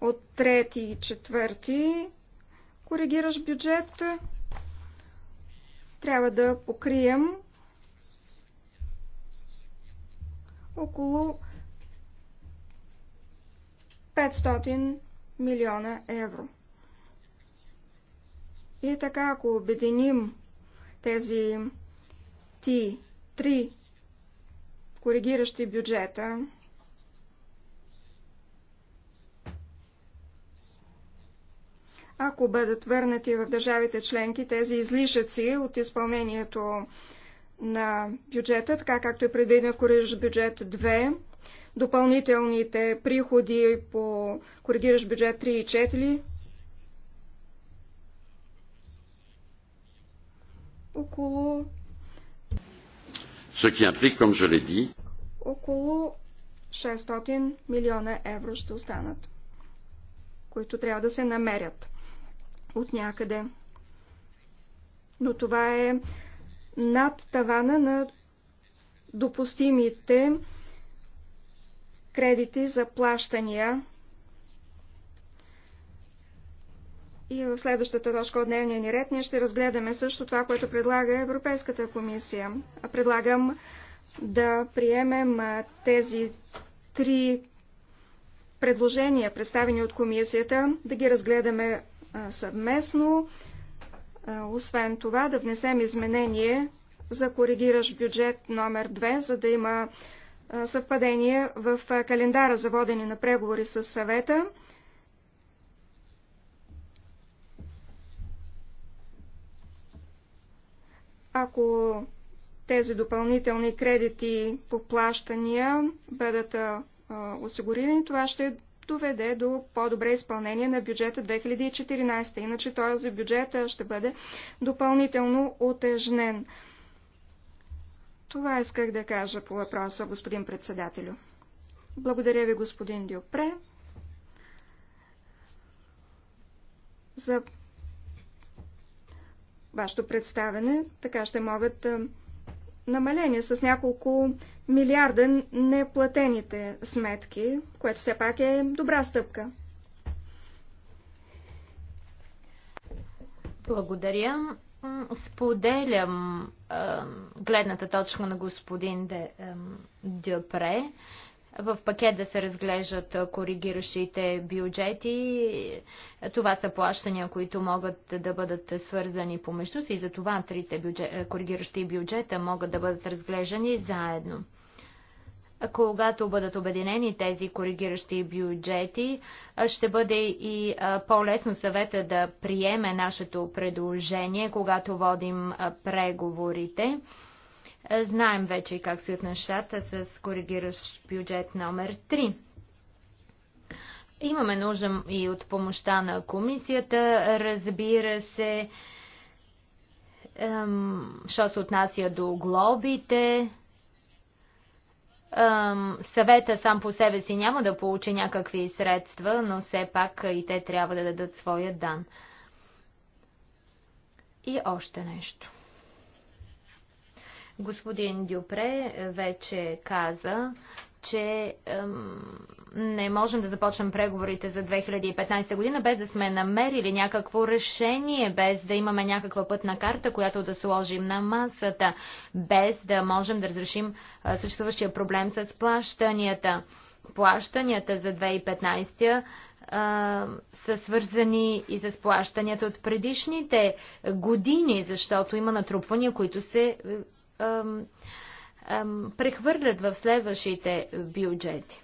S1: от трети и четвърти коригираш бюджет, трябва да покрием около 500 милиона евро. И така, ако обединим тези ти три коригиращи бюджета, ако бъдат върнати в държавите членки тези излишъци от изпълнението на бюджета, така както е предвидено в коригиращ бюджет 2, допълнителните приходи по коригираш бюджет 3 и 4 около Ce qui implique, comme je l'ai dit, около 600 милиона евро ще останат, които трябва да се намерят от някъде. Но това е над тавана на допустимите кредити за плащания. И в следващата точка от дневния ни ред ние ще разгледаме също това, което предлага Европейската комисия. Предлагам да приемем тези три предложения, представени от комисията, да ги разгледаме съвместно. Освен това, да внесем изменение за коригираш бюджет номер 2, за да има съвпадение в календара за водене на преговори с съвета. Ако тези допълнителни кредити по плащания бъдат осигурени, това ще доведе до по-добре изпълнение на бюджета 2014. Иначе този бюджет ще бъде допълнително отежнен. Това исках да кажа по въпроса, господин председателю. Благодаря ви, господин Дюпре, за вашето представене. Така ще могат намаление с няколко милиарда неплатените сметки, което все
S3: пак е добра стъпка. Благодаря. Споделям гледната точка на господин Дюпре. В пакет да се разглеждат коригиращите бюджети. Това са плащания, които могат да бъдат свързани помежду си. Затова трите бюджет, коригиращи бюджета могат да бъдат разглеждани заедно когато бъдат обединени тези коригиращи бюджети, ще бъде и по-лесно съвета да приеме нашето предложение, когато водим преговорите. Знаем вече как се нещата с коригиращ бюджет номер 3. Имаме нужда и от помощта на комисията, разбира се, що се отнася до глобите, Съвета сам по себе си няма да получи някакви средства, но все пак и те трябва да дадат своя дан. И още нещо. Господин Дюпре вече каза, че не можем да започнем преговорите за 2015 година без да сме намерили някакво решение, без да имаме някаква пътна карта, която да сложим на масата, без да можем да разрешим е, съществуващия проблем с плащанията. Плащанията за 2015 е, са свързани и с плащанията от предишните години, защото има натрупвания, които се. Е, прехвърлят в следващите бюджети.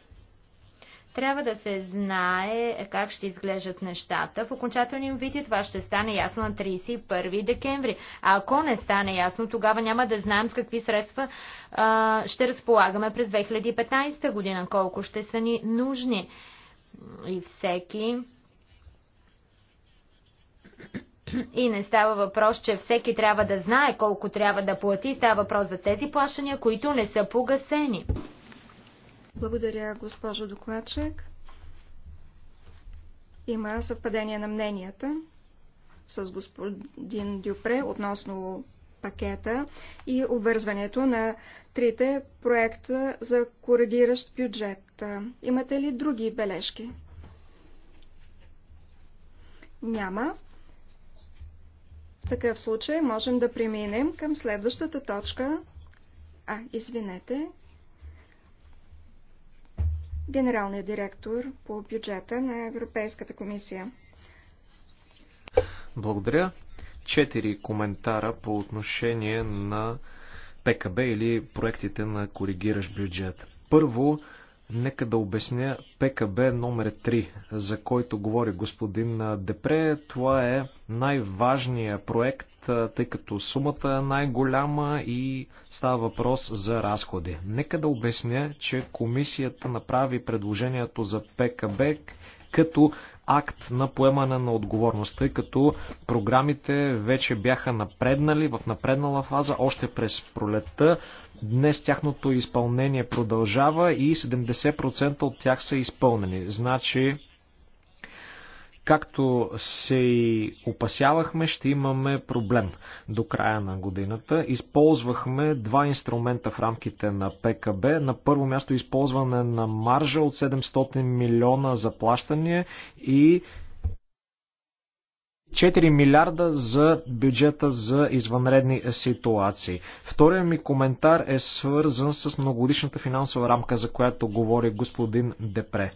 S3: Трябва да се знае как ще изглеждат нещата. В окончателния вид това ще стане ясно на 31 декември. А ако не стане ясно, тогава няма да знаем с какви средства а, ще разполагаме през 2015 година, колко ще са ни нужни. И всеки и не става въпрос, че всеки трябва да знае колко трябва да плати. Става въпрос за тези плащания, които не са погасени.
S1: Благодаря, госпожо докладчик. Има съвпадение на мненията с господин Дюпре относно пакета и обвързването на трите проекта за коригиращ бюджет. Имате ли други бележки? Няма. В такъв случай можем да преминем към следващата точка. А, извинете. Генералният директор по бюджета на Европейската комисия.
S2: Благодаря. Четири коментара по отношение на ПКБ или проектите на коригираш бюджет. Първо, Нека да обясня ПКБ номер 3, за който говори господин Депре. Това е най-важният проект, тъй като сумата е най-голяма и става въпрос за разходи. Нека да обясня, че комисията направи предложението за ПКБ като акт на поемане на отговорност, тъй като програмите вече бяха напреднали в напреднала фаза още през пролетта. Днес тяхното изпълнение продължава и 70% от тях са изпълнени. Значи Както се и опасявахме, ще имаме проблем до края на годината. Използвахме два инструмента в рамките на ПКБ. На първо място използване на маржа от 700 милиона за плащане и 4 милиарда за бюджета за извънредни ситуации. Втория ми коментар е свързан с многодишната финансова рамка, за която говори господин Депре.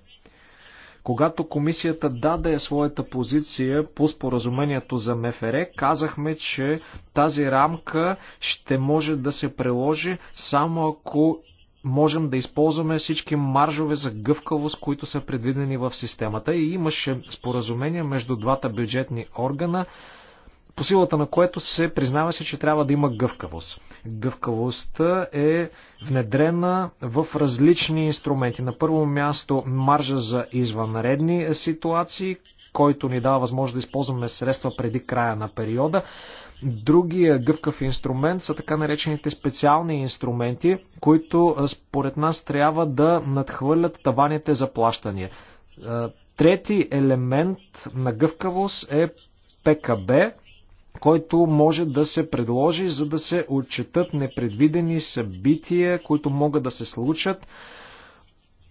S2: Когато комисията даде своята позиция по споразумението за МФР, казахме, че тази рамка ще може да се приложи само ако можем да използваме всички маржове за гъвкавост, които са предвидени в системата. И имаше споразумение между двата бюджетни органа по силата на което се признава се, че трябва да има гъвкавост. Гъвкавостта е внедрена в различни инструменти. На първо място маржа за извънредни ситуации, който ни дава възможност да използваме средства преди края на периода. Другия гъвкав инструмент са така наречените специални инструменти, които според нас трябва да надхвърлят таваните за плащания. Трети елемент на гъвкавост е ПКБ, който може да се предложи, за да се отчетат непредвидени събития, които могат да се случат.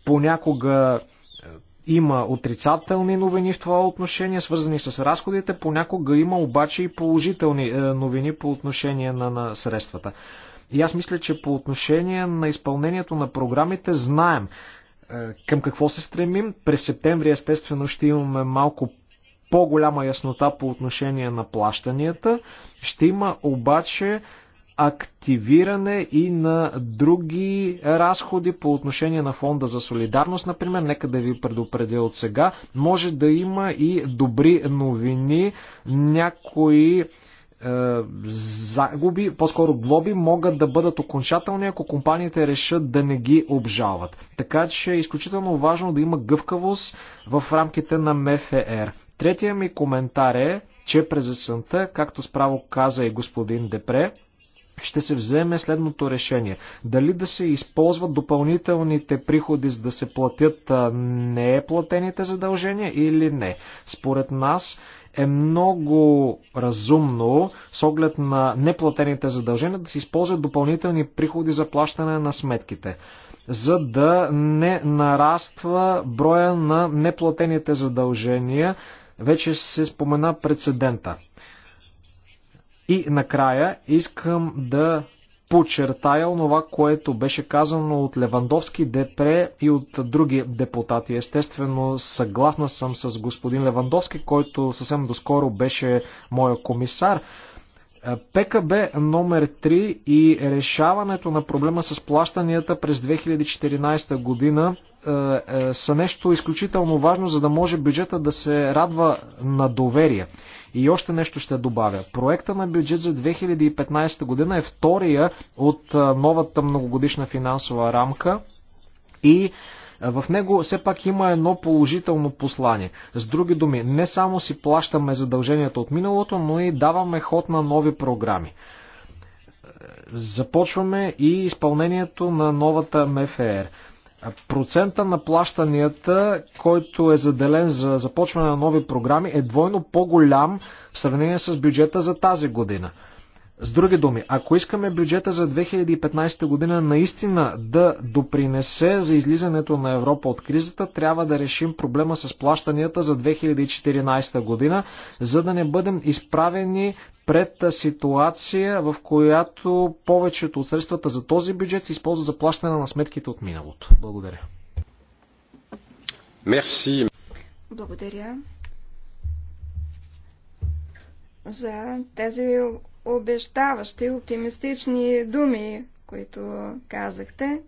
S2: Понякога е, има отрицателни новини в това отношение, свързани с разходите, понякога има обаче и положителни е, новини по отношение на, на средствата. И аз мисля, че по отношение на изпълнението на програмите знаем е, към какво се стремим. През септември естествено ще имаме малко по-голяма яснота по отношение на плащанията. Ще има обаче активиране и на други разходи по отношение на фонда за солидарност, например, нека да ви предупредя от сега, може да има и добри новини, някои е, загуби, по-скоро глоби могат да бъдат окончателни, ако компаниите решат да не ги обжалват. Така че е изключително важно да има гъвкавост в рамките на МФР. Третия ми коментар е, че през есента, както справо каза и господин Депре, ще се вземе следното решение. Дали да се използват допълнителните приходи, за да се платят неплатените задължения или не. Според нас е много разумно с оглед на неплатените задължения да се използват допълнителни приходи за плащане на сметките, за да не нараства броя на неплатените задължения вече се спомена прецедента. И накрая искам да подчертая онова, което беше казано от Левандовски, Депре и от други депутати. Естествено, съгласна съм с господин Левандовски, който съвсем доскоро беше моя комисар. ПКБ номер 3 и решаването на проблема с плащанията през 2014 година е, е, са нещо изключително важно, за да може бюджета да се радва на доверие. И още нещо ще добавя. Проекта на бюджет за 2015 година е втория от е, новата многогодишна финансова рамка и в него все пак има едно положително послание. С други думи, не само си плащаме задълженията от миналото, но и даваме ход на нови програми. Започваме и изпълнението на новата МФР. Процента на плащанията, който е заделен за започване на нови програми, е двойно по-голям в сравнение с бюджета за тази година. С други думи, ако искаме бюджета за 2015 година наистина да допринесе за излизането на Европа от кризата, трябва да решим проблема с плащанията за 2014 година, за да не бъдем изправени пред ситуация, в която повечето от средствата за този бюджет се използва за плащане на сметките от миналото. Благодаря. Мерси.
S1: Благодаря за тези обещаващи, оптимистични думи, които казахте.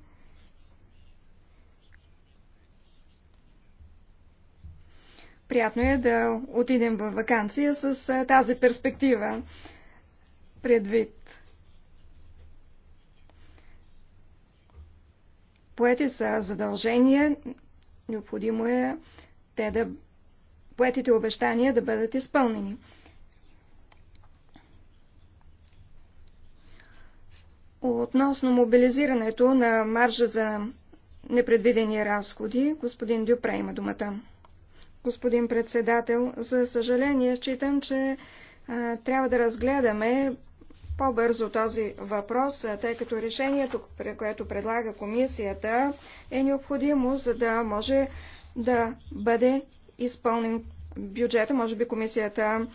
S1: Приятно е да отидем във вакансия с тази перспектива предвид. Поети са задължения, необходимо е те да поетите обещания да бъдат изпълнени. Относно мобилизирането на маржа за непредвидени разходи, господин Дюпре има думата. Господин председател, за съжаление считам, че а, трябва да разгледаме по-бързо този въпрос, тъй като решението, което предлага комисията, е необходимо, за да може да бъде изпълнен бюджета, може би комисията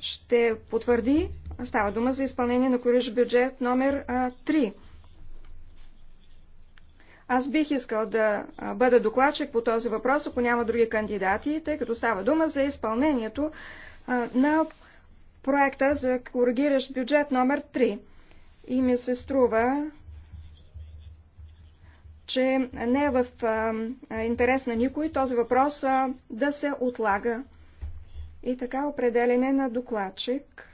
S1: ще потвърди. Става дума за изпълнение на кориш бюджет номер 3. Аз бих искал да бъда докладчик по този въпрос, ако няма други кандидати, тъй като става дума за изпълнението на проекта за коригиращ бюджет номер 3. И ми се струва, че не е в интерес на никой този въпрос да се отлага. И така определене на докладчик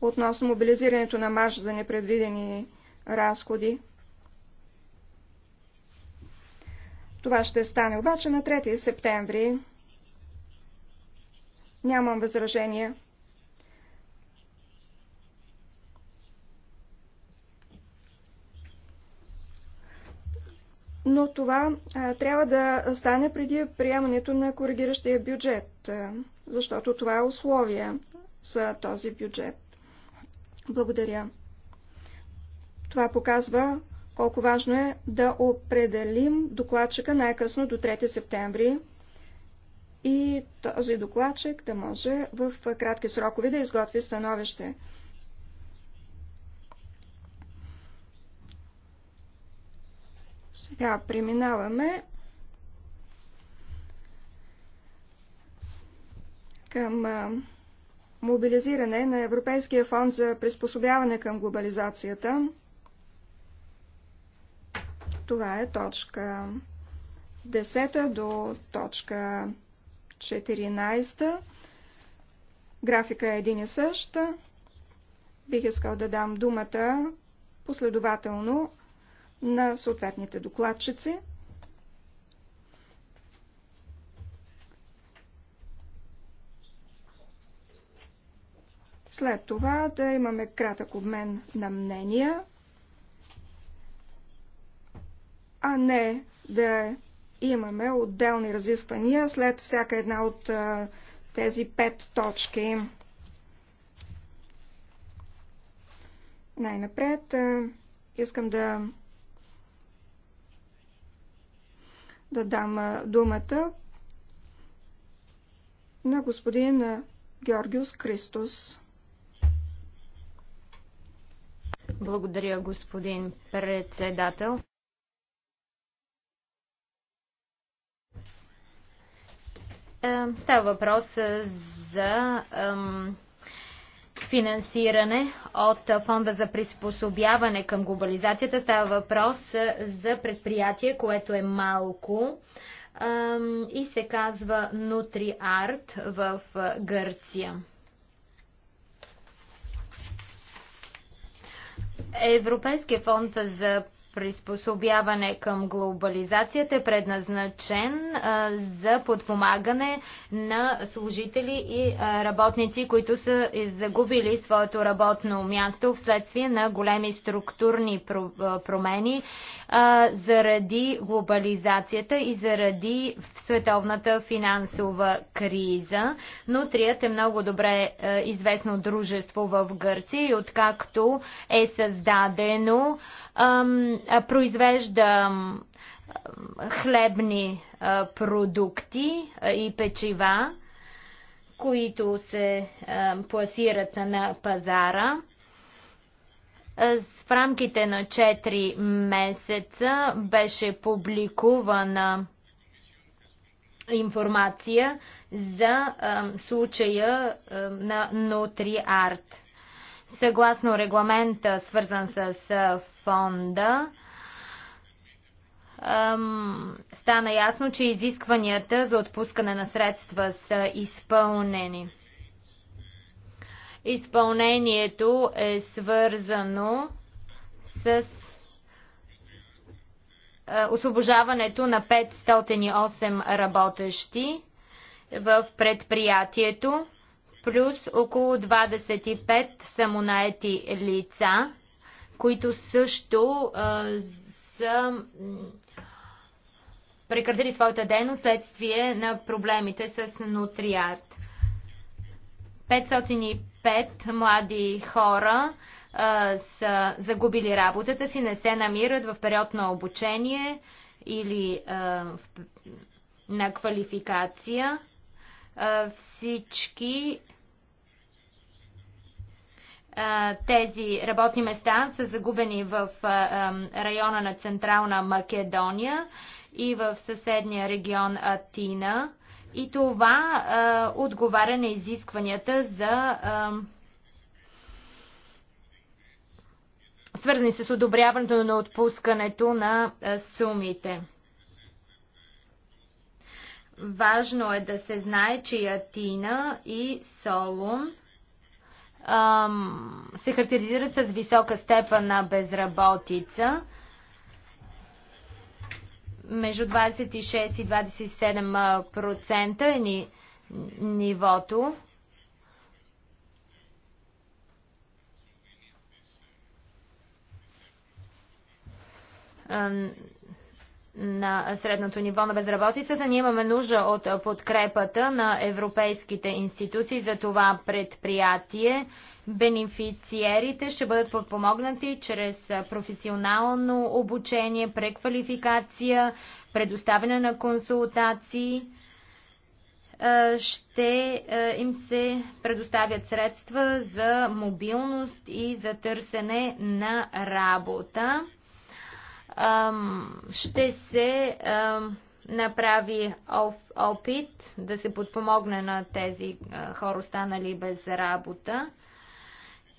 S1: относно мобилизирането на марш за непредвидени разходи. Това ще стане обаче на 3 септември. Нямам възражения. но това а, трябва да стане преди приемането на коригиращия бюджет, а, защото това е условие за този бюджет. Благодаря. Това показва колко важно е да определим докладчика най-късно до 3 септември и този докладчик да може в кратки срокове да изготви становище. Сега преминаваме към мобилизиране на Европейския фонд за приспособяване към глобализацията. Това е точка 10 до точка 14. Графика е един и същ. Бих искал да дам думата последователно на съответните докладчици. След това да имаме кратък обмен на мнения, а не да имаме отделни разисквания след всяка една от а, тези пет точки. Най-напред искам да да дам думата на господин Георгиус
S3: Кристос. Благодаря, господин председател. Става въпрос за финансиране от Фонда за приспособяване към глобализацията. Става въпрос за предприятие, което е малко и се казва NutriArt в Гърция. Европейския фонд за приспособяване към глобализацията е предназначен а, за подпомагане на служители и а, работници, които са загубили своето работно място вследствие на големи структурни промени а, заради глобализацията и заради световната финансова криза. Нутрият е много добре а, известно дружество в Гърция и откакто е създадено, ам, произвежда хлебни а, продукти а, и печива, които се а, пласират на пазара. В рамките на 4 месеца беше публикувана информация за случая на арт. Съгласно регламента, свързан с фонда, стана ясно, че изискванията за отпускане на средства са изпълнени. Изпълнението е свързано с е, освобождаването на 508 работещи в предприятието, плюс около 25 самонаети лица, които също а, е, са прекратили своята дейност следствие на проблемите с нутриат пет млади хора а, са загубили работата си, не се намират в период на обучение или а, в, на квалификация. А, всички тези работни места са загубени в района на Централна Македония и в съседния регион Атина. И това а, отговаря на изискванията за а, свързани с одобряването на отпускането на а, сумите. Важно е да се знае, че Атина и Солун се характеризират с висока степен на безработица – между 26 и 27% е ни, нивото. на средното ниво на безработицата. Ние имаме нужда от подкрепата на европейските институции за това предприятие Бенефициерите ще бъдат подпомогнати чрез професионално обучение, преквалификация, предоставяне на консултации. Ще им се предоставят средства за мобилност и за търсене на работа. Ще се направи опит да се подпомогне на тези хора, останали без работа.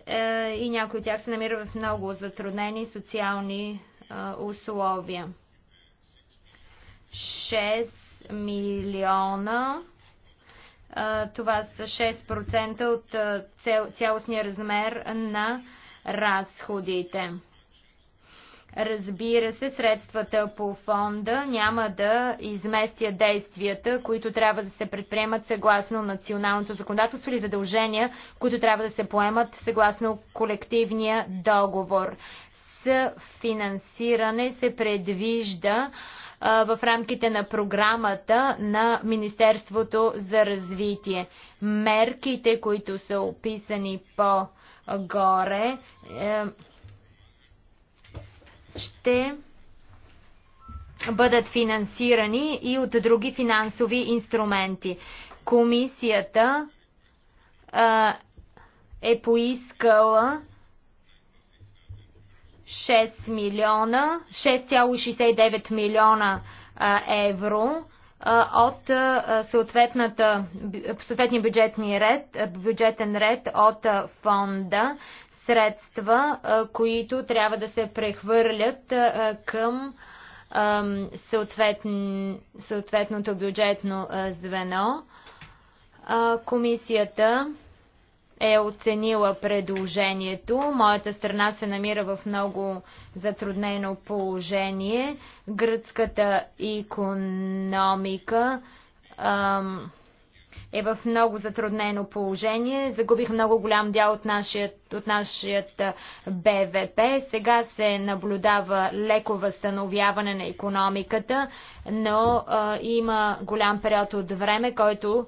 S3: Е, и някои от тях се намира в много затруднени социални е, условия. 6 милиона. Е, това са 6% от цялостния размер на разходите. Разбира се, средствата по фонда няма да изместят действията, които трябва да се предприемат съгласно националното законодателство или задължения, които трябва да се поемат съгласно колективния договор. С финансиране се предвижда в рамките на програмата на Министерството за развитие. Мерките, които са описани по-горе, е, ще бъдат финансирани и от други финансови инструменти. Комисията а, е поискала 6 милиона, 6,69 милиона а, евро а, от а, съответната, съответния бюджетни ред, бюджетен ред от фонда средства, които трябва да се прехвърлят към съответното бюджетно звено. Комисията е оценила предложението. Моята страна се намира в много затруднено положение. Гръцката економика ам, е в много затруднено положение. Загубих много голям дял от нашият, от нашият БВП. Сега се наблюдава леко възстановяване на економиката, но а, има голям период от време, който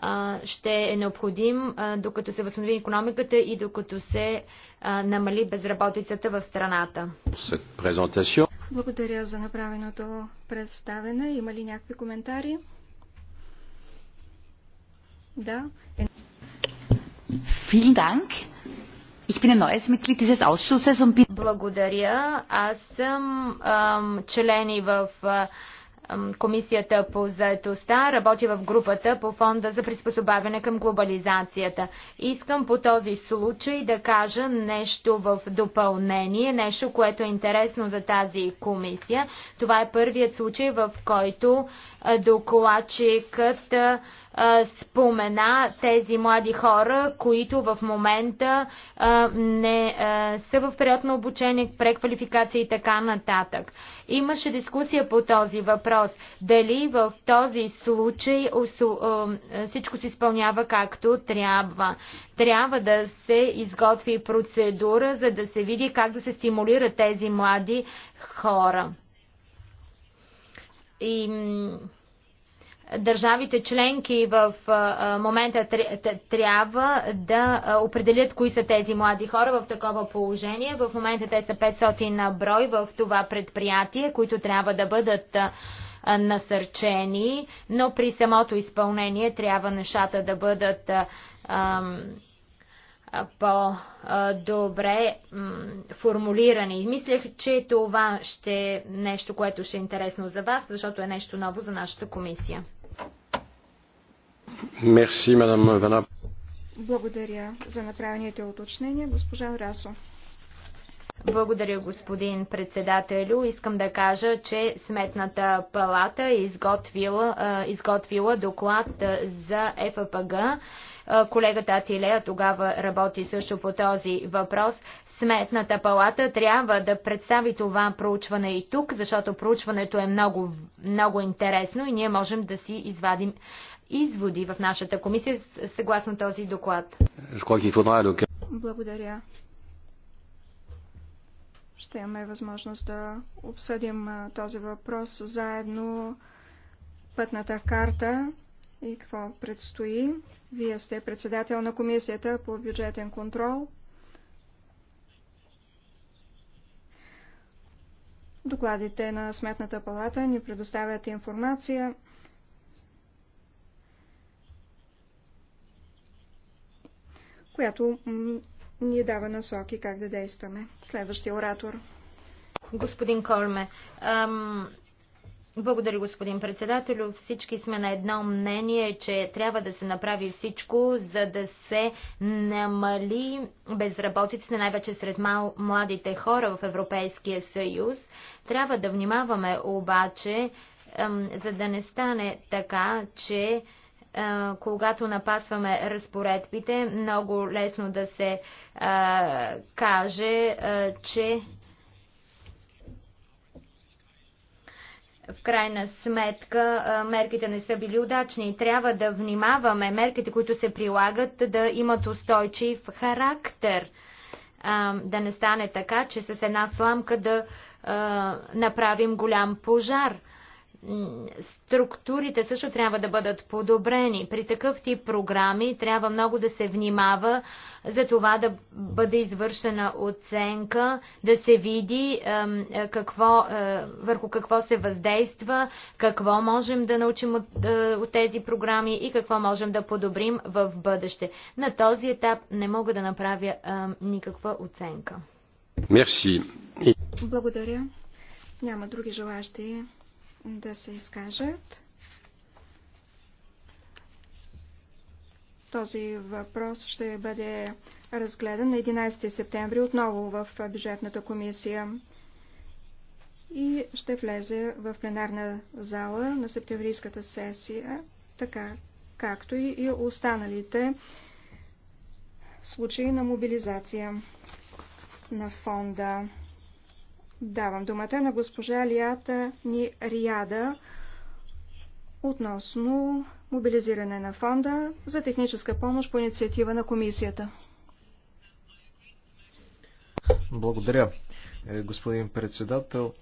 S3: а, ще е необходим, а, докато се възстанови економиката и докато се а, намали безработицата в страната. Благодаря
S1: за направеното представене. Има ли някакви коментари?
S3: Да. Vielen Dank. Ich bin ein neues Mitglied dieses Ausschusses und bin... Благодаря. Аз съм ам, член в Комисията по заетостта, работя в групата по фонда за приспособяване към глобализацията. Искам по този случай да кажа нещо в допълнение, нещо, което е интересно за тази комисия. Това е първият случай, в който докладчикът спомена тези млади хора, които в момента не са в период на обучение, преквалификация и така нататък. Имаше дискусия по този въпрос. Дали в този случай всичко се изпълнява както трябва. Трябва да се изготви процедура, за да се види как да се стимулират тези млади хора. И държавите членки в момента трябва да определят кои са тези млади хора в такова положение. В момента те са 500 на брой в това предприятие, които трябва да бъдат насърчени, но при самото изпълнение трябва нещата да бъдат по-добре формулирани. Мислех, че това ще е нещо, което ще е интересно за вас, защото е нещо ново за нашата комисия.
S1: Мерси, мадам Вана.
S3: Благодаря за направените уточнения, госпожа Расо. Благодаря, господин председателю. Искам да кажа, че Сметната палата е изготвила, е, изготвила доклад е, за ФПГ. Е, колегата Атилея тогава работи също по този въпрос. Сметната палата трябва да представи това проучване и тук, защото проучването е много, много интересно и ние можем да си извадим изводи в нашата комисия съгласно този доклад.
S1: Благодаря. Ще имаме възможност да обсъдим този въпрос заедно пътната карта и какво предстои. Вие сте председател на комисията по бюджетен контрол. Докладите на Сметната палата ни предоставят информация. която ни дава насоки как да действаме.
S3: Следващия оратор. Господин Колме, ам... Благодаря, господин председател, Всички сме на едно мнение, че трябва да се направи всичко, за да се намали безработицата, най-вече сред мал, младите хора в Европейския съюз. Трябва да внимаваме обаче, за да не стане така, че когато напасваме разпоредбите, много лесно да се а, каже, а, че в крайна сметка а, мерките не са били удачни. Трябва да внимаваме мерките, които се прилагат, да имат устойчив характер. А, да не стане така, че с една сламка да а, направим голям пожар структурите също трябва да бъдат подобрени. При такъв тип програми трябва много да се внимава за това да бъде извършена оценка, да се види е, какво, е, върху какво се въздейства, какво можем да научим от, е, от тези програми и какво можем да подобрим в бъдеще. На този етап не мога да направя никаква оценка. Благодаря. Няма други желащи
S1: да се изкажат. Този въпрос ще бъде разгледан на 11 септември отново в бюджетната комисия и ще влезе в пленарна зала на септемврийската сесия, така както и останалите случаи на мобилизация на фонда. Давам думата на госпожа Лията Ни Риада относно мобилизиране на фонда за техническа помощ по инициатива на комисията.
S2: Благодаря, е, господин председател.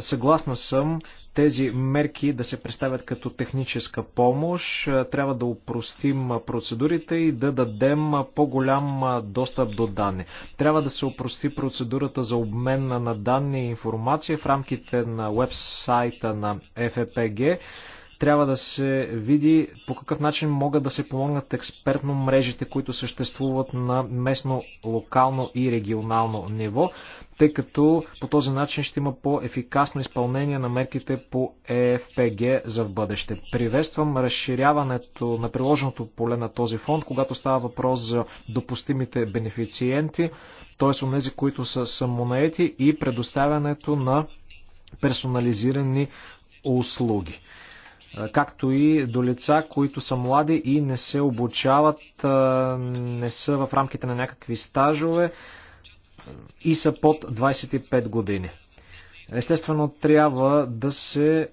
S2: Съгласна съм тези мерки да се представят като техническа помощ. Трябва да упростим процедурите и да дадем по-голям достъп до данни. Трябва да се упрости процедурата за обмен на данни и информация в рамките на веб-сайта на ФПГ. Трябва да се види по какъв начин могат да се помогнат експертно мрежите, които съществуват на местно, локално и регионално ниво, тъй като по този начин ще има по-ефикасно изпълнение на мерките по ЕФПГ за в бъдеще. Приветствам разширяването на приложеното поле на този фонд, когато става въпрос за допустимите бенефициенти, т.е. от тези, които са самонаети и предоставянето на персонализирани услуги както и до лица, които са млади и не се обучават, не са в рамките на някакви стажове и са под 25 години. Естествено, трябва да се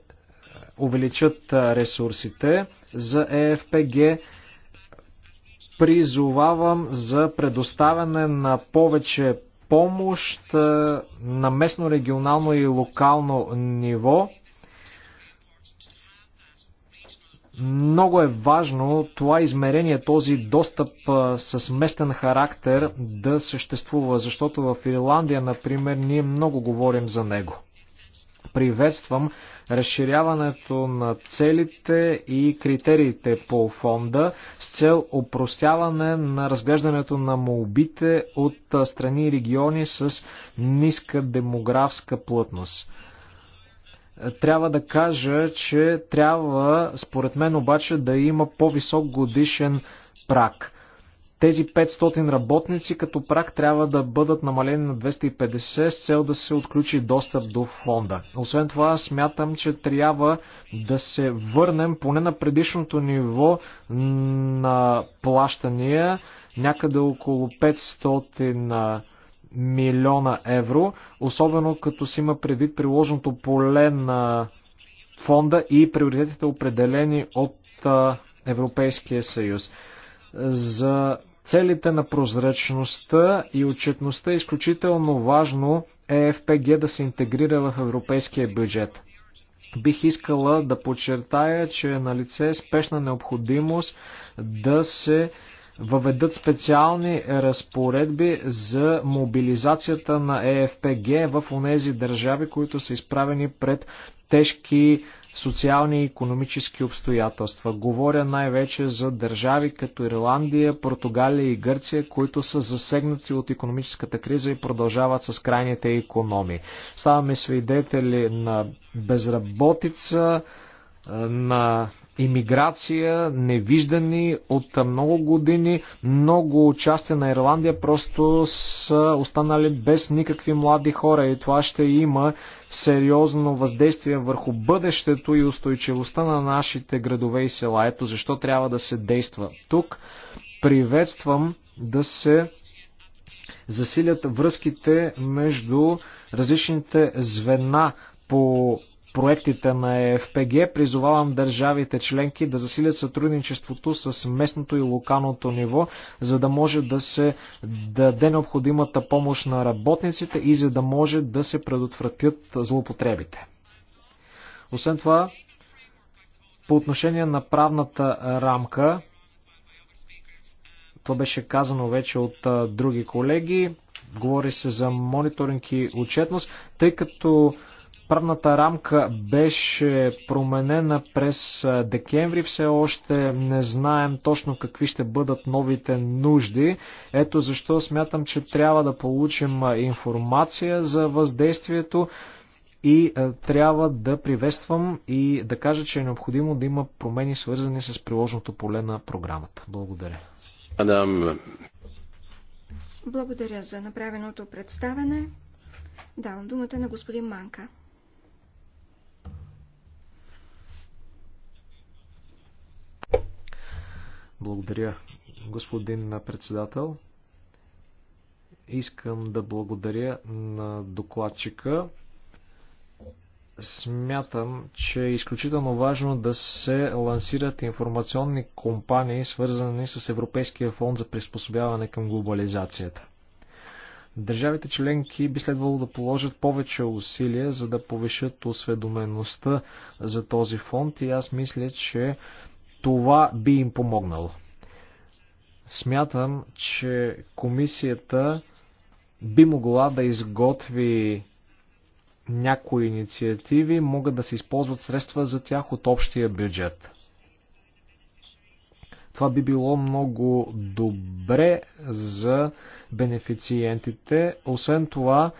S2: увеличат ресурсите за ЕФПГ. Призовавам за предоставяне на повече помощ на местно, регионално и локално ниво Много е важно това измерение, този достъп с местен характер да съществува, защото в Ирландия, например, ние много говорим за него. Приветствам разширяването на целите и критериите по фонда с цел опростяване на разглеждането на молбите от страни и региони с ниска демографска плътност трябва да кажа, че трябва, според мен обаче, да има по-висок годишен прак. Тези 500 работници като прак трябва да бъдат намалени на 250 с цел да се отключи достъп до фонда. Освен това, смятам, че трябва да се върнем поне на предишното ниво на плащания, някъде около 500 милиона евро, особено като си има предвид приложното поле на фонда и приоритетите определени от Европейския съюз. За целите на прозрачността и отчетността е изключително важно ЕФПГ да се интегрира в европейския бюджет. Бих искала да подчертая, че е на лице спешна необходимост да се въведат специални разпоредби за мобилизацията на ЕФПГ в онези държави, които са изправени пред тежки социални и економически обстоятелства. Говоря най-вече за държави като Ирландия, Португалия и Гърция, които са засегнати от економическата криза и продължават с крайните економии. Ставаме свидетели на безработица, на иммиграция, невиждани от много години. Много части на Ирландия просто са останали без никакви млади хора и това ще има сериозно въздействие върху бъдещето и устойчивостта на нашите градове и села. Ето защо трябва да се действа. Тук приветствам да се засилят връзките между различните звена по проектите на ЕФПГ, призовавам държавите членки да засилят сътрудничеството с местното и локалното ниво, за да може да се даде необходимата помощ на работниците и за да може да се предотвратят злоупотребите. Освен това, по отношение на правната рамка, това беше казано вече от а, други колеги, говори се за мониторинг и отчетност, тъй като Правната рамка беше променена през декември. Все още не знаем точно какви ще бъдат новите нужди. Ето защо смятам, че трябва да получим информация за въздействието и трябва да приветствам и да кажа, че е необходимо да има промени свързани с приложното поле на програмата.
S1: Благодаря. Благодаря за направеното представене. Давам думата на господин Манка.
S2: Благодаря, господин председател. Искам да благодаря на докладчика. Смятам, че е изключително важно да се лансират информационни компании, свързани с Европейския фонд за приспособяване към глобализацията. Държавите членки би следвало да положат повече усилия, за да повишат осведомеността за този фонд и аз мисля, че това би им помогнало. Смятам, че комисията би могла да изготви някои инициативи, могат да се използват средства за тях от общия бюджет. Това би било много добре за бенефициентите. Освен това,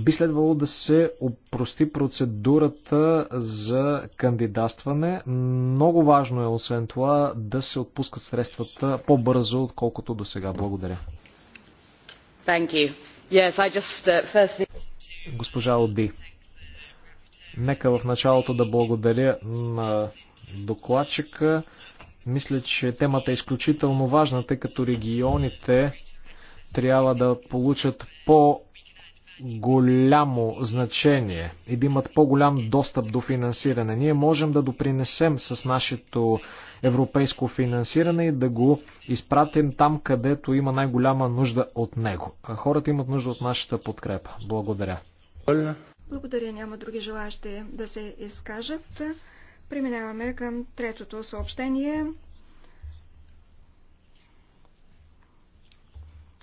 S2: би следвало да се опрости процедурата за кандидатстване. Много важно е, освен това, да се отпускат средствата по-бързо, отколкото до сега. Благодаря.
S1: Yes, just, uh, firstly...
S2: Госпожа Оди, нека в началото да благодаря на докладчика. Мисля, че темата е изключително важна, тъй като регионите трябва да получат по голямо значение и да имат по-голям достъп до финансиране. Ние можем да допринесем с нашето европейско финансиране и да го изпратим там, където има най-голяма нужда от него. А Хората имат нужда от нашата подкрепа. Благодаря.
S1: Благодаря. Няма други желащи да се изкажат. Преминаваме към третото съобщение.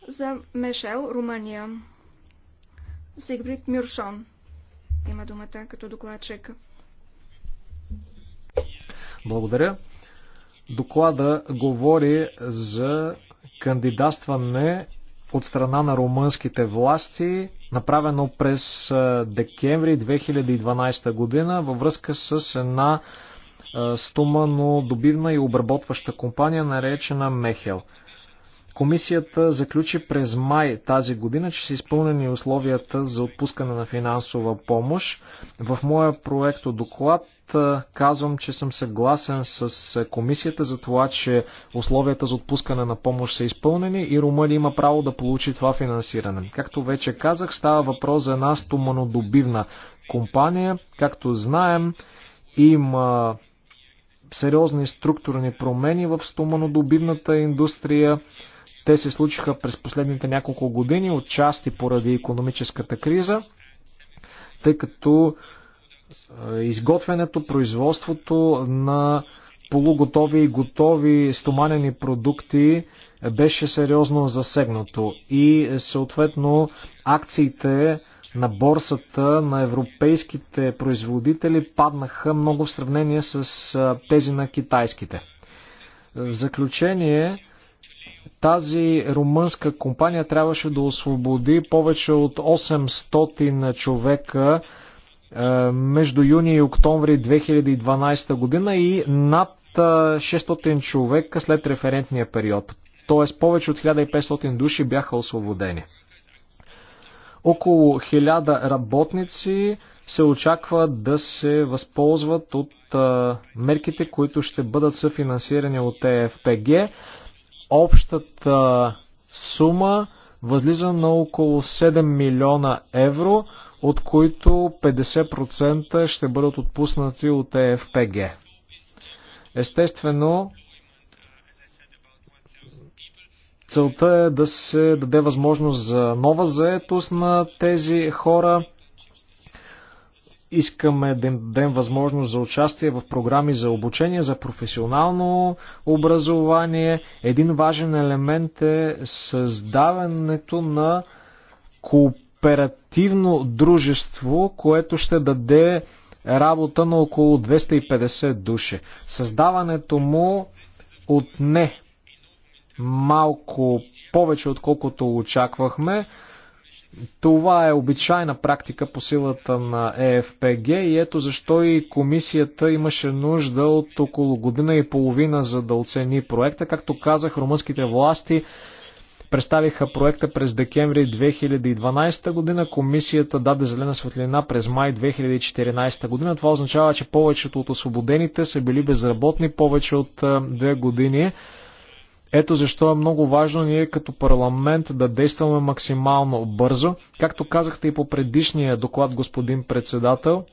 S1: За Мешел, Румъния. Сигбрид Мюршон има думата като докладчик.
S2: Благодаря. Доклада говори за кандидатстване от страна на румънските власти, направено през декември 2012 година във връзка с една стомано добивна и обработваща компания, наречена Мехел. Комисията заключи през май тази година, че са изпълнени условията за отпускане на финансова помощ. В моя проект доклад казвам, че съм съгласен с комисията за това, че условията за отпускане на помощ са изпълнени и Румъния има право да получи това финансиране. Както вече казах, става въпрос за една стоманодобивна компания. Както знаем, има сериозни структурни промени в стоманодобивната индустрия те се случиха през последните няколко години, отчасти поради економическата криза, тъй като изготвянето, производството на полуготови и готови стоманени продукти беше сериозно засегнато и съответно акциите на борсата на европейските производители паднаха много в сравнение с тези на китайските. В заключение, тази румънска компания трябваше да освободи повече от 800 човека е, между юни и октомври 2012 година и над 600 е, човека след референтния период. Тоест повече от 1500 души бяха освободени. Около 1000 работници се очаква да се възползват от е, мерките, които ще бъдат съфинансирани от ЕФПГ. Общата сума възлиза на около 7 милиона евро, от които 50% ще бъдат отпуснати от ЕФПГ. Естествено, целта е да се даде възможност за нова заетост на тези хора. Искаме да им дадем възможност за участие в програми за обучение, за професионално образование. Един важен елемент е създаването на кооперативно дружество, което ще даде работа на около 250 души. Създаването му отне малко повече, отколкото очаквахме. Това е обичайна практика по силата на ЕФПГ и ето защо и комисията имаше нужда от около година и половина за да оцени проекта. Както казах, румънските власти представиха проекта през декември 2012 година. Комисията даде зелена светлина през май 2014 година. Това означава, че повечето от освободените са били безработни повече от две години. Ето защо е много важно ние като парламент да действаме максимално бързо. Както казахте и по предишния доклад, господин председател,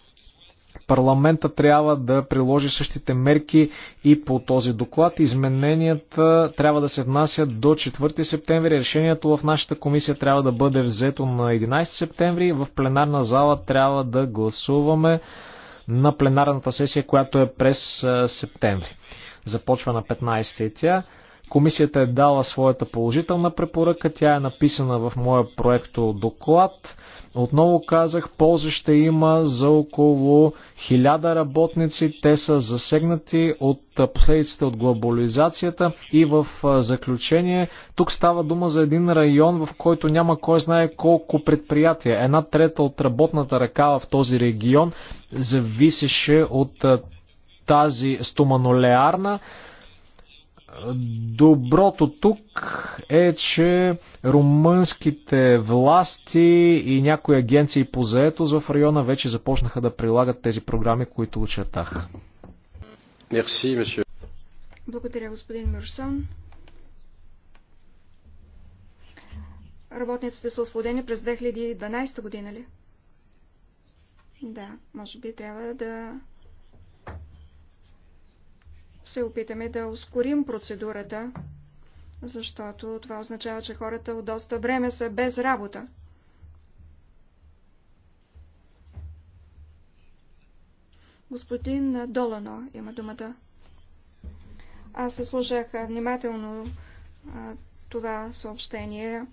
S2: парламента трябва да приложи същите мерки и по този доклад. Измененията трябва да се внасят до 4 септември. Решението в нашата комисия трябва да бъде взето на 11 септември. В пленарна зала трябва да гласуваме на пленарната сесия, която е през септември. Започва на 15 и тя. Комисията е дала своята положителна препоръка, тя е написана в моя проекто доклад. Отново казах, полза ще има за около 1000 работници. Те са засегнати от последиците от глобализацията и в заключение тук става дума за един район, в който няма кой знае колко предприятия. Една трета от работната ръка в този регион зависеше от тази стоманолеарна Доброто тук е, че румънските власти и някои агенции по заетост в района вече започнаха да прилагат тези програми, които очертах.
S1: Благодаря, господин Мерсон. Работниците са освободени през 2012 година ли? Да, може би трябва да се опитаме да ускорим процедурата, защото това означава, че хората от доста време са без работа. Господин Долано има думата. Аз слушах внимателно а, това съобщение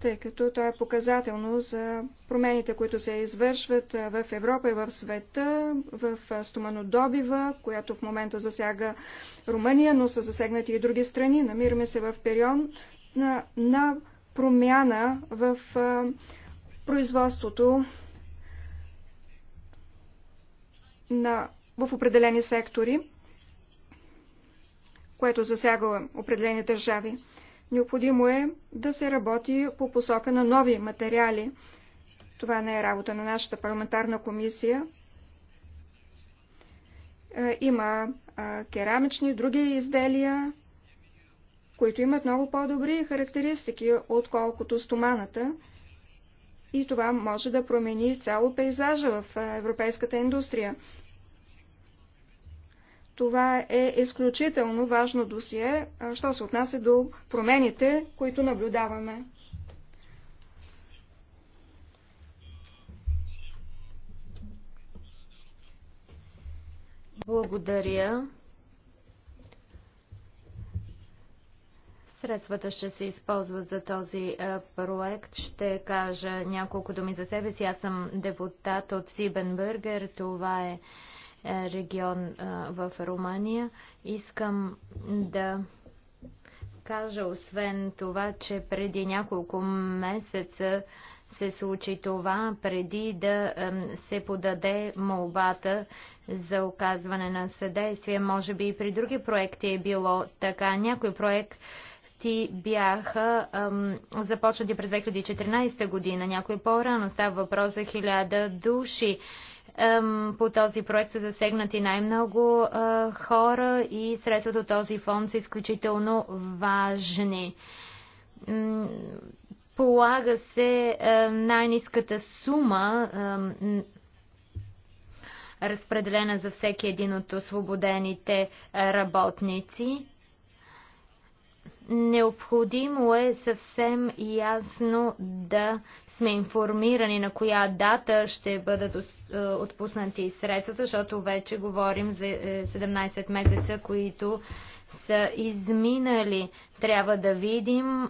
S1: тъй като то е показателно за промените, които се извършват в Европа и в света, в стоманодобива, която в момента засяга Румъния, но са засегнати и други страни. Намираме се в период на, на промяна в а, производството на, в определени сектори, което засяга определени държави. Необходимо е да се работи по посока на нови материали. Това не е работа на нашата парламентарна комисия. Е, има керамични, други изделия, които имат много по-добри характеристики, отколкото стоманата. И това може да промени цяло пейзажа в европейската индустрия. Това е изключително важно досие, що се отнася до промените, които наблюдаваме.
S3: Благодаря. Средствата ще се използват за този проект. Ще кажа няколко думи за себе си. Аз съм депутат от Сибенбъргер. Това е е, регион е, в Румъния. Искам да кажа освен това, че преди няколко месеца се случи това, преди да се подаде молбата за оказване на съдействие. Може би и при други проекти е било така. Някой проект ти бяха ам, започнати през 2014 година, някой по-рано. Става въпрос за хиляда души. По този проект са засегнати най-много е, хора и средствата от този фонд са изключително важни. Полага се е, най-низката сума разпределена за всеки един от освободените работници. Необходимо е съвсем ясно да сме информирани на коя дата ще бъдат е, отпуснати средствата, защото вече говорим за 17 е, месеца, които са изминали. Трябва да видим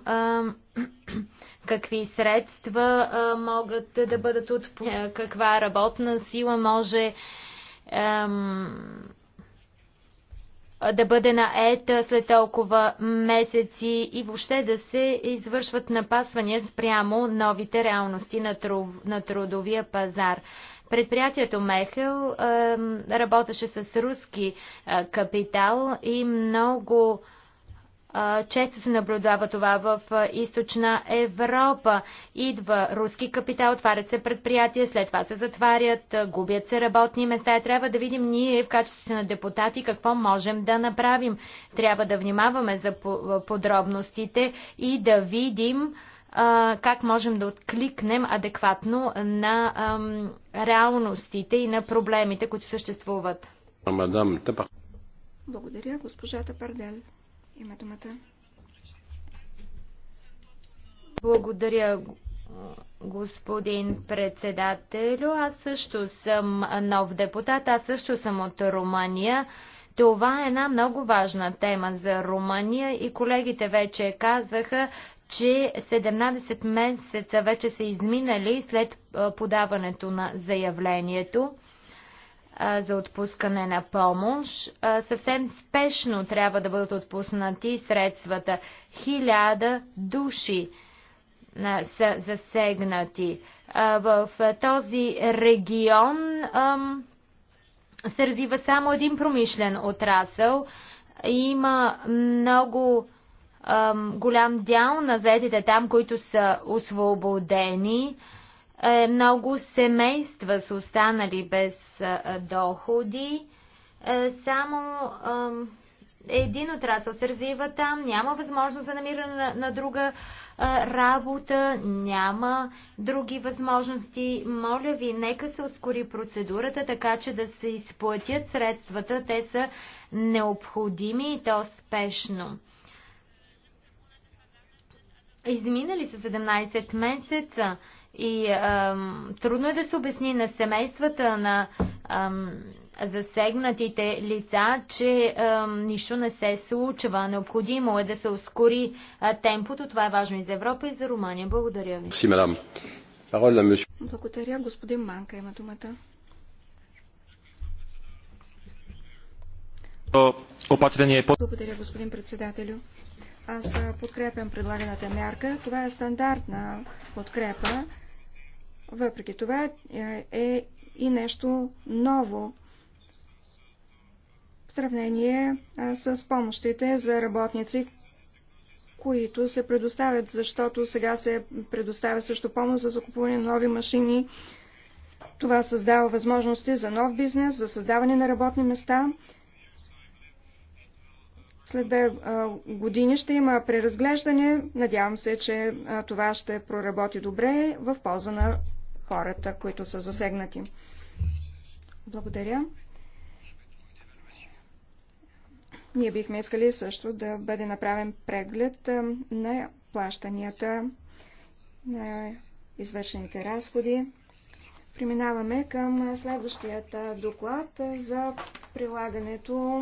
S3: <clears throat> какви средства могат да бъдат отпуснати, е, каква работна сила може да бъде ета след толкова месеци и въобще да се извършват напасвания спрямо новите реалности на, труд, на трудовия пазар. Предприятието Мехел работеше с руски е, капитал и много често се наблюдава това в източна Европа. Идва руски капитал, отварят се предприятия, след това се затварят, губят се работни места. Трябва да видим ние в качеството на депутати какво можем да направим. Трябва да внимаваме за подробностите и да видим как можем да откликнем адекватно на ам, реалностите и на проблемите, които съществуват.
S1: Благодаря, госпожата Парден. Има думата.
S3: Благодаря, господин председател, Аз също съм нов депутат, аз също съм от Румъния. Това е една много важна тема за Румъния и колегите вече казаха, че 17 месеца вече са изминали след подаването на заявлението за отпускане на помощ. Съвсем спешно трябва да бъдат отпуснати средствата. Хиляда души са засегнати. В този регион се развива само един промишлен отрасъл. Има много голям дял на заетите там, които са освободени. Е, много семейства са останали без доходи. Е, само един отрасъл се развива там, няма възможност за намиране на, на друга а, работа, няма други възможности. Моля ви, нека се ускори процедурата, така че да се изплатят средствата. Те са необходими и то спешно. Изминали са 17 месеца. И ам, трудно е да се обясни на семействата, на ам, засегнатите лица, че ам, нищо не се случва. Необходимо е да се ускори а, темпото. Това е важно и за Европа, и за Румъния. Благодаря ви. Благодаря. Господин Манка има думата.
S1: Благодаря, господин председателю. Аз подкрепям предлаганата мярка. Това е стандартна подкрепа въпреки това е, е и нещо ново в сравнение с помощите за работници, които се предоставят, защото сега се предоставя също помощ за закупуване на нови машини. Това създава възможности за нов бизнес, за създаване на работни места. След две години ще има преразглеждане. Надявам се, че това ще проработи добре в полза на хората, които са засегнати. Благодаря. Ние бихме искали също да бъде направен преглед на плащанията, на извършените разходи. Преминаваме към следващият доклад за прилагането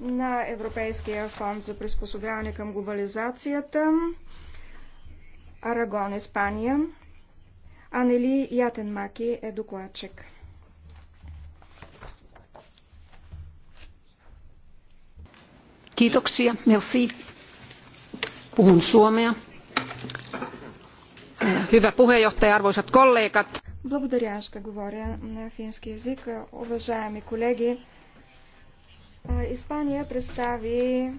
S1: на Европейския фонд за приспособяване към глобализацията. Арагон, Испания. Анели Ятенмаки е докладчик. Kiitoksia, merci. Puhun suomea. Äh, hyvä puheenjohtaja, arvoisat kollegat. Благодаря, ще говоря на фински язик. Уважаеми колеги, Испания представи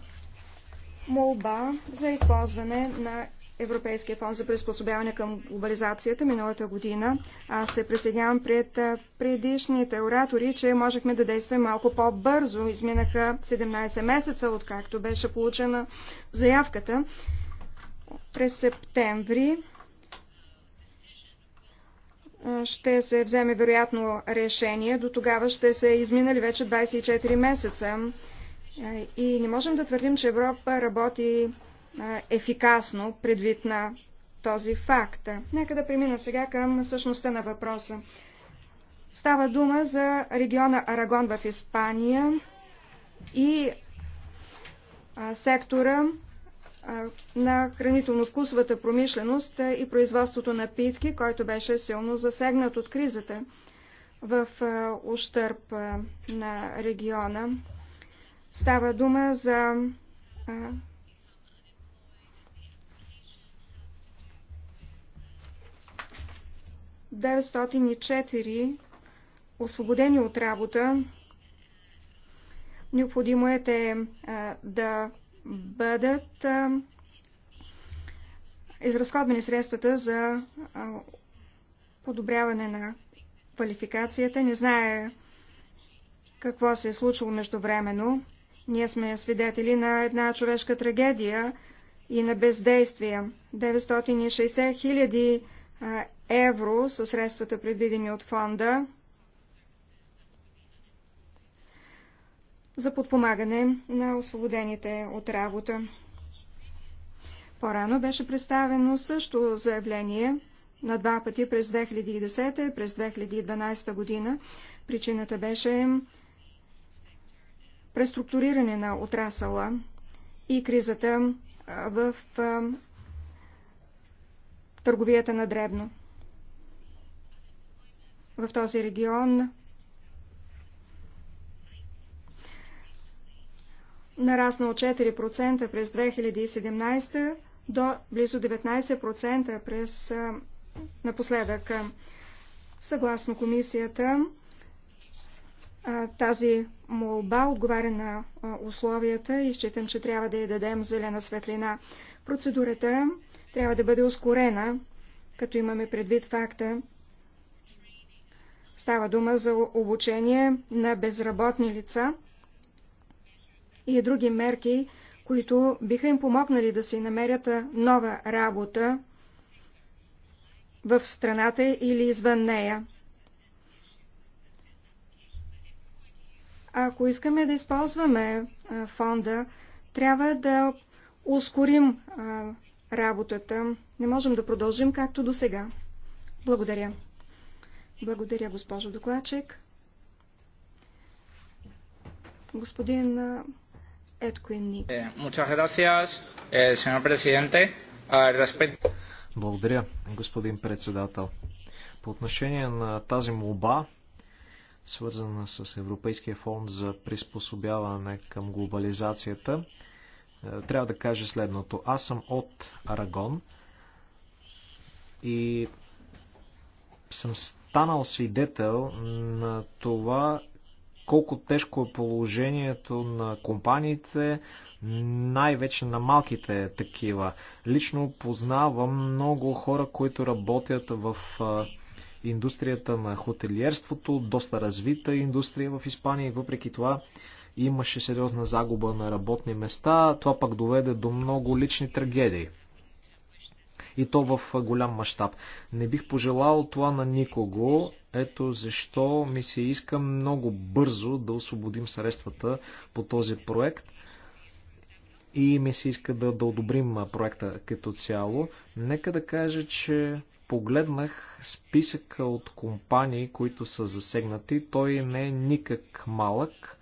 S1: молба за използване на Европейския фонд за приспособяване към глобализацията миналата година. Аз се присъединявам пред предишните оратори, че можехме да действаме малко по-бързо. Изминаха 17 месеца, откакто беше получена заявката. През септември ще се вземе вероятно решение. До тогава ще се изминали вече 24 месеца. И не можем да твърдим, че Европа работи ефикасно предвид на този факт. Нека да премина сега към същността на въпроса. Става дума за региона Арагон в Испания и сектора на хранително-вкусовата промишленост и производството на питки, който беше силно засегнат от кризата в ущърп на региона. Става дума за 904 освободени от работа. Необходимо е те е, да бъдат е, изразходвани средствата за е, подобряване на квалификацията. Не знае какво се е случило междувременно. Ние сме свидетели на една човешка трагедия и на бездействие. 960 хиляди евро са средствата предвидени от фонда за подпомагане на освободените от работа. По-рано беше представено също заявление на два пъти през 2010 и през 2012 година. Причината беше преструктуриране на отрасъла и кризата в търговията на дребно в този регион. Нарасна от 4% през 2017 до близо 19% през напоследък. Съгласно комисията, тази молба отговаря на условията и считам, че трябва да я дадем зелена светлина. Процедурата трябва да бъде ускорена, като имаме предвид факта, Става дума за обучение на безработни лица и други мерки, които биха им помогнали да си намерят нова работа в страната или извън нея. Ако искаме да използваме фонда, трябва да ускорим работата. Не можем да продължим както до сега. Благодаря. Благодаря, госпожо докладчик. Господин Ник. Е,
S2: е, Благодаря, господин председател. По отношение на тази молба, свързана с Европейския фонд за приспособяване към глобализацията, е, трябва да кажа следното. Аз съм от Арагон и съм станал свидетел на това колко тежко е положението на компаниите, най-вече на малките такива. Лично познавам много хора, които работят в индустрията на хотелиерството, доста развита индустрия в Испания и въпреки това имаше сериозна загуба на работни места. Това пък доведе до много лични трагедии и то в голям мащаб. Не бих пожелал това на никого. Ето защо ми се иска много бързо да освободим средствата по този проект и ми се иска да, да одобрим проекта като цяло. Нека да кажа, че погледнах списъка от компании, които са засегнати. Той не е никак малък.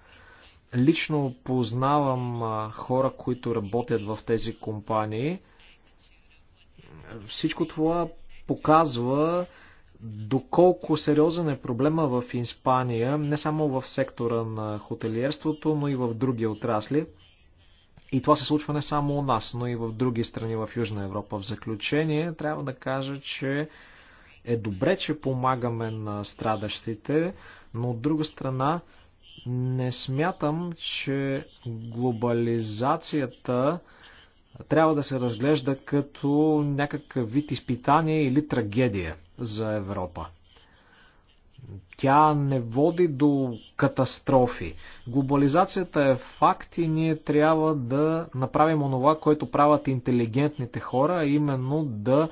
S2: Лично познавам хора, които работят в тези компании. Всичко това показва доколко сериозен е проблема в Испания, не само в сектора на хотелиерството, но и в други отрасли. И това се случва не само у нас, но и в други страни в Южна Европа. В заключение трябва да кажа, че е добре, че помагаме на страдащите, но от друга страна не смятам, че глобализацията трябва да се разглежда като някакъв вид изпитание или трагедия за Европа. Тя не води до катастрофи. Глобализацията е факт и ние трябва да направим онова, което правят интелигентните хора, а именно да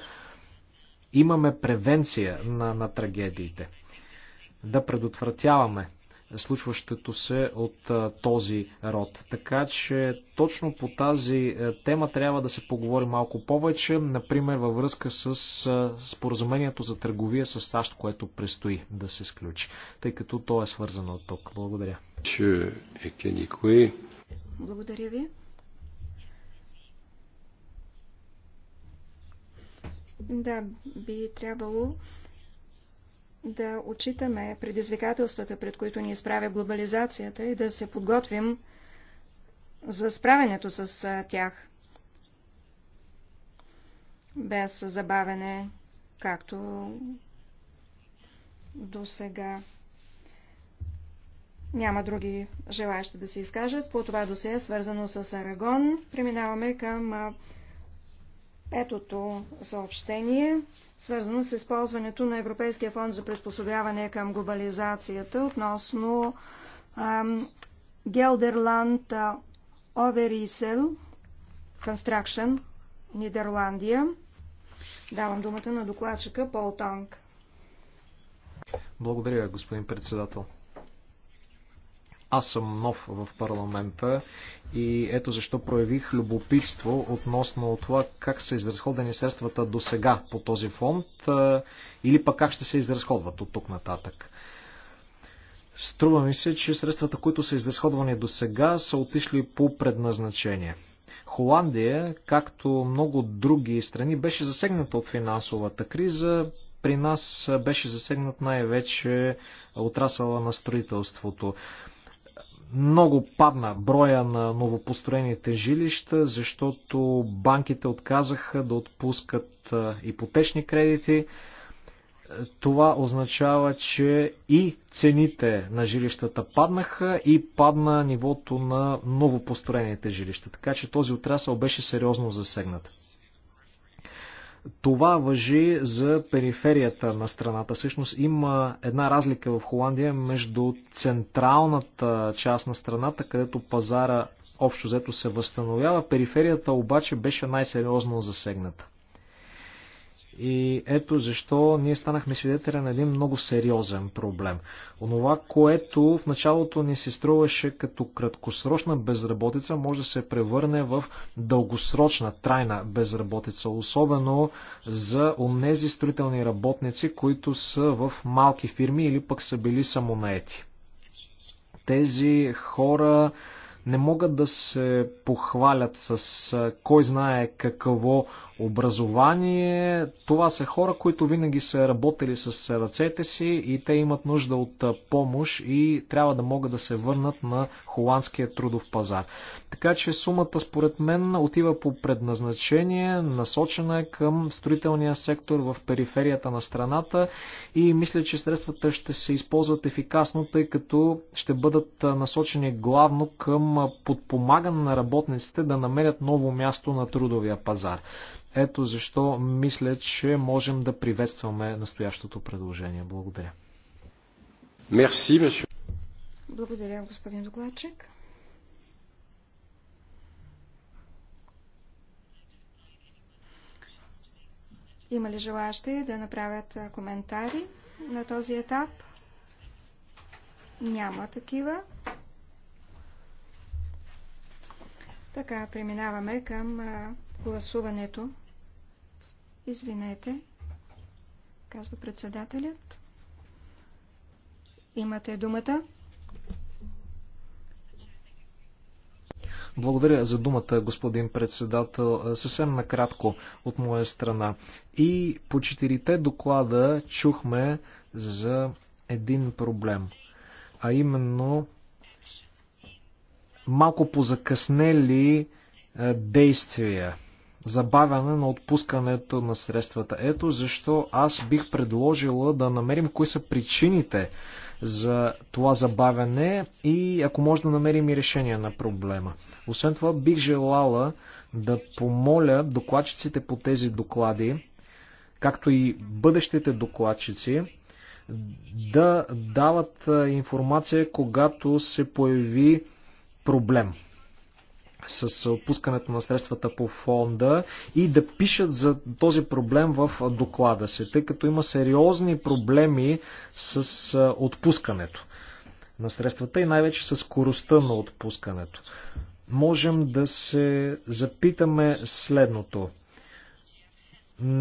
S2: имаме превенция на, на трагедиите. Да предотвратяваме случващото се от този род. Така че точно по тази е, тема трябва да се поговори малко повече, например във връзка с споразумението за търговия с САЩ, което предстои да се сключи, тъй като то е свързано от тук. Благодаря.
S1: Благодаря ви. Да, би трябвало да отчитаме предизвикателствата, пред които ни изправя глобализацията и да се подготвим за справянето с тях. Без забавене, както до сега. Няма други желаящи да се изкажат. По това досе е свързано с Арагон. Преминаваме към петото съобщение свързано с използването на Европейския фонд за приспособяване към глобализацията относно ам, Гелдерланд Оверисел Констракшн Нидерландия. Давам думата на докладчика Пол Танк.
S2: Благодаря, господин председател. Аз съм нов в парламента и ето защо проявих любопитство относно това как са изразходени средствата до сега по този фонд или пък как ще се изразходват от тук нататък. Струва ми се, че средствата, които са изразходвани до сега, са отишли по предназначение. Холандия, както много други страни, беше засегната от финансовата криза. При нас беше засегнат най-вече отрасъла на строителството много падна броя на новопостроените жилища, защото банките отказаха да отпускат ипотечни кредити. Това означава, че и цените на жилищата паднаха и падна нивото на новопостроените жилища. Така че този отрасъл беше сериозно засегнат. Това въжи за периферията на страната. Всъщност има една разлика в Холандия между централната част на страната, където пазара общо взето се възстановява. Периферията обаче беше най-сериозно засегната. И ето защо ние станахме свидетели на един много сериозен проблем. Онова, което в началото ни се струваше като краткосрочна безработица, може да се превърне в дългосрочна, трайна безработица, особено за онези строителни работници, които са в малки фирми или пък са били самонаети. Тези хора не могат да се похвалят с кой знае какво образование. Това са хора, които винаги са работили с ръцете си и те имат нужда от помощ и трябва да могат да се върнат на холандския трудов пазар. Така че сумата според мен отива по предназначение, насочена е към строителния сектор в периферията на страната и мисля, че средствата ще се използват ефикасно, тъй като ще бъдат насочени главно към подпомагане на работниците да намерят ново място на трудовия пазар. Ето защо мисля, че можем да приветстваме настоящото предложение. Благодаря.
S1: Мерси, Благодаря, господин докладчик. Има ли желаящи да направят коментари на този етап? Няма такива. Така, преминаваме към гласуването. Извинете, казва председателят. Имате думата.
S2: Благодаря за думата, господин председател. Е, съвсем накратко от моя страна. И по четирите доклада чухме за един проблем, а именно малко позакъснели е, действия забавяне на отпускането на средствата. Ето защо аз бих предложила да намерим кои са причините за това забавяне и ако може да намерим и решение на проблема. Освен това бих желала да помоля докладчиците по тези доклади, както и бъдещите докладчици, да дават информация, когато се появи проблем с опускането на средствата по фонда и да пишат за този проблем в доклада си, тъй като има сериозни проблеми с отпускането на средствата и най-вече с скоростта на отпускането. Можем да се запитаме следното.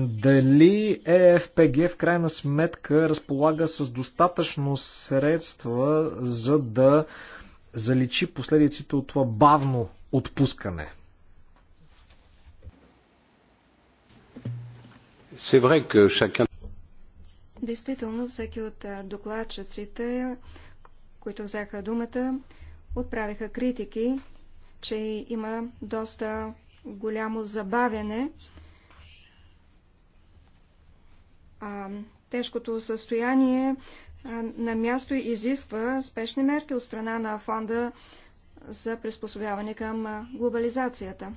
S2: Дали ЕФПГ в крайна сметка разполага с достатъчно средства, за да заличи последиците от това бавно отпускане.
S1: Действително, всеки от докладчиците, които взеха думата, отправиха критики, че има доста голямо забавяне. А, тежкото състояние на място изисква спешни мерки от страна на фонда за приспособяване към глобализацията.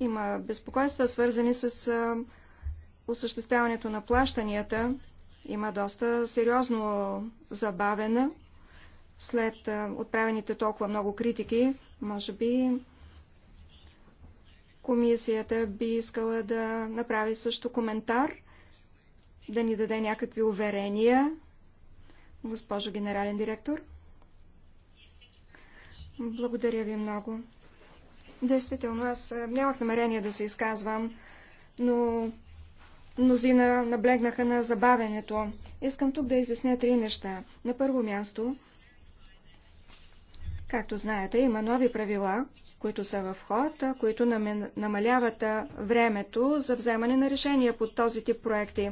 S1: Има безпокойства, свързани с осъществяването на плащанията. Има доста сериозно забавена след отправените толкова много критики. Може би комисията би искала да направи също коментар, да ни даде някакви уверения. Госпожо генерален директор. Благодаря ви много. Действително, аз нямах намерение да се изказвам, но мнозина наблегнаха на забавенето. Искам тук да изясня три неща. На първо място, както знаете, има нови правила, които са в ход, които намаляват времето за вземане на решения под този тип проекти.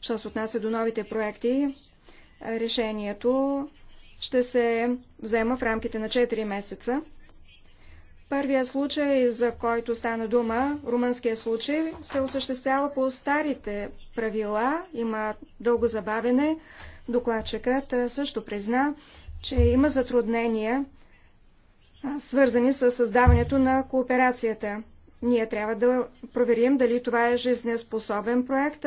S1: Що се отнася до новите проекти, решението ще се взема в рамките на 4 месеца. Първия случай, за който стана дума, румънския случай, се осъществява по старите правила, има дълго забавене. Докладчикът също призна, че има затруднения, свързани с създаването на кооперацията. Ние трябва да проверим дали това е жизнеспособен проект,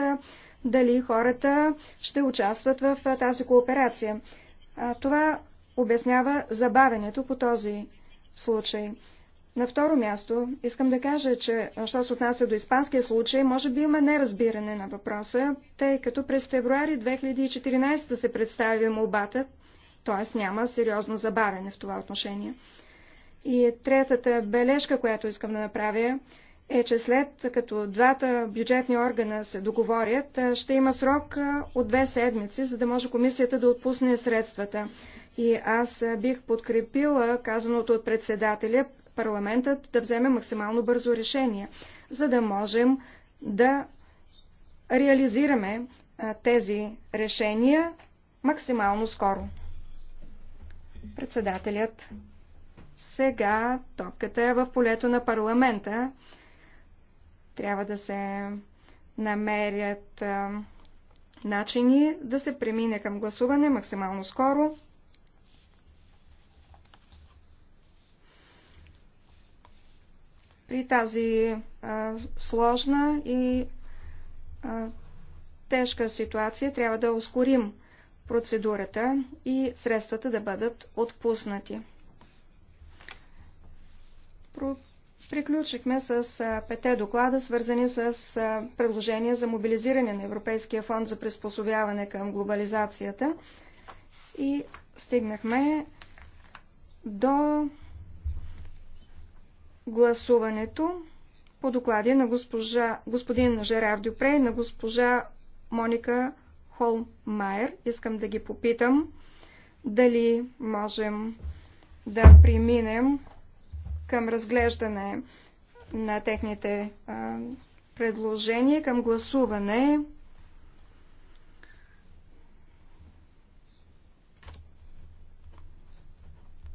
S1: дали хората ще участват в тази кооперация. Това обяснява забавенето по този случай. На второ място, искам да кажа, че, що се отнася до испанския случай, може би има неразбиране на въпроса, тъй като през февруари 2014 се представи молбата, т.е. няма сериозно забавене в това отношение. И третата бележка, която искам да направя, е, че след като двата бюджетни органа се договорят, ще има срок от две седмици, за да може комисията да отпусне средствата. И аз бих подкрепила казаното от председателя парламентът да вземе максимално бързо решение, за да можем да реализираме тези решения максимално скоро. Председателят. Сега топката е в полето на парламента. Трябва да се намерят а, начини да се премине към гласуване максимално скоро. При тази а, сложна и а, тежка ситуация трябва да ускорим процедурата и средствата да бъдат отпуснати. Приключихме с пете доклада, свързани с предложения за мобилизиране на Европейския фонд за приспособяване към глобализацията и стигнахме до гласуването по доклади на госпожа, господин Жерар Дюпре и на госпожа Моника Холмайер. Искам да ги попитам дали можем да преминем към разглеждане на техните а, предложения, към гласуване.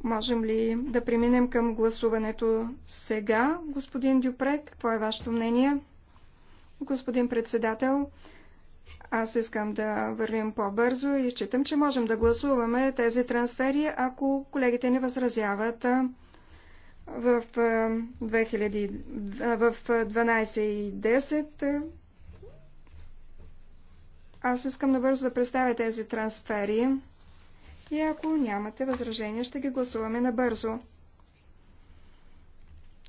S1: Можем ли да преминем към гласуването сега, господин Дюпрек? Какво е вашето мнение? Господин председател, аз искам да вървим по-бързо и считам, че можем да гласуваме тези трансфери, ако колегите не възразяват в, 2000, в 10 Аз искам набързо да представя тези трансфери и ако нямате възражения, ще ги гласуваме набързо.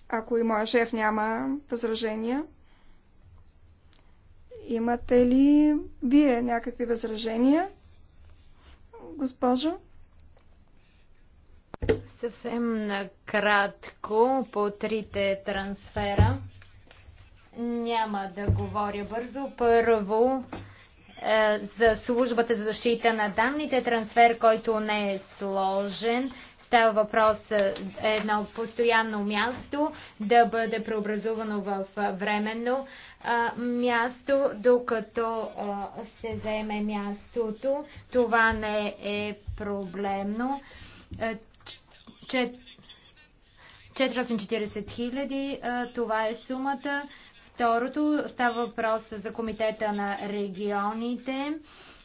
S1: Ако и моя шеф няма възражения, имате ли вие някакви възражения, госпожо?
S3: Съвсем накратко по трите трансфера. Няма да говоря бързо. Първо, е, за службата за защита на данните, трансфер, който не е сложен. Става въпрос е, едно постоянно място да бъде преобразувано в временно място, докато се заеме мястото. Това не е проблемно. Е, 440 хиляди, това е сумата. Второто става въпрос за комитета на регионите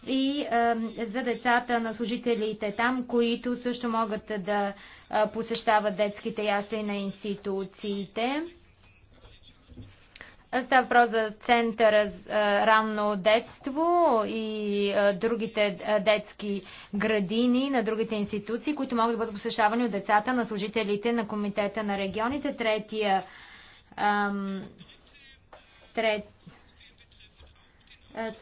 S3: и за децата на служителите там, които също могат да посещават детските ясли на институциите. Става въпрос за центъра ранно детство и другите детски градини на другите институции, които могат да бъдат посещавани от децата на служителите на Комитета на регионите. Третия, ам, трет,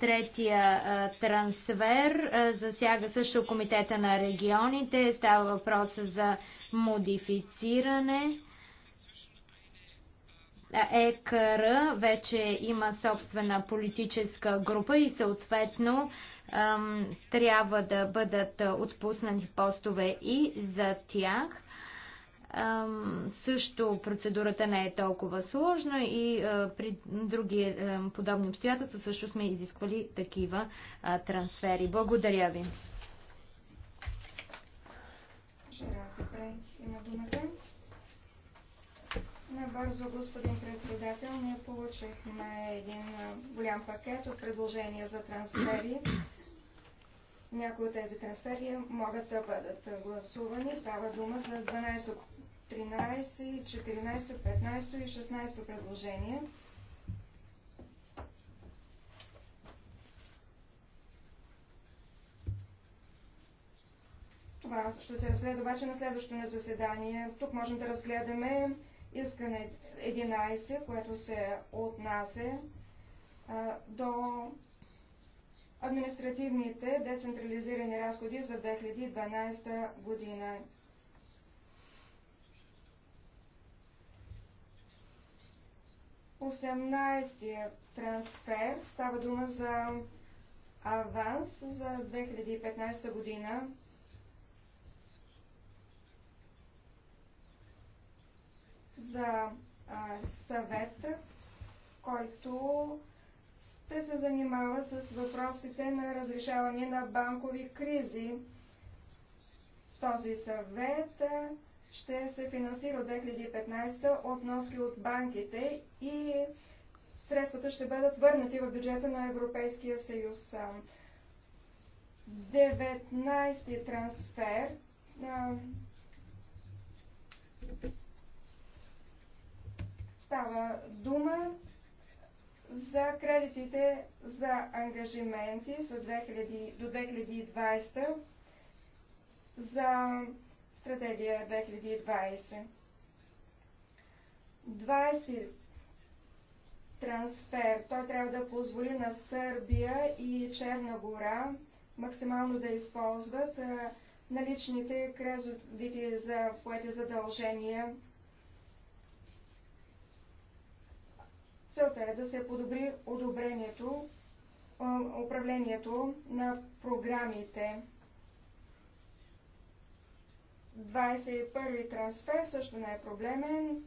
S3: третия трансфер засяга също Комитета на регионите. Става въпрос за модифициране ЕКР вече има собствена политическа група и съответно трябва да бъдат отпуснати постове и за тях. Също процедурата не е толкова сложна и при други подобни обстоятелства също сме изисквали такива трансфери. Благодаря ви.
S1: Жерар Депре има думата. Набързо, господин председател, ние получихме един голям пакет от предложения за трансфери. Някои от тези трансфери могат да бъдат гласувани. Става дума за 12, 13, 14, 15 и 16 предложения. Това ще се разгледа обаче на следващото на заседание. Тук можем да разгледаме искане 11, което се отнася до административните децентрализирани разходи за 2012 година. Осемнайстия трансфер става дума за аванс за 2015 година за съвет, който ще се занимава с въпросите на разрешаване на банкови кризи. Този съвет ще се финансира от 2015 от носки от банките и средствата ще бъдат върнати в бюджета на Европейския съюз. 19 трансфер. Става дума за кредитите за ангажименти за 2000, до 2020 за стратегия 2020. 20 трансфер. Той трябва да позволи на Сърбия и Черна гора максимално да използват наличните кредити за поете задължения Целта е да се подобри одобрението, управлението на програмите. 21 трансфер също не е проблемен.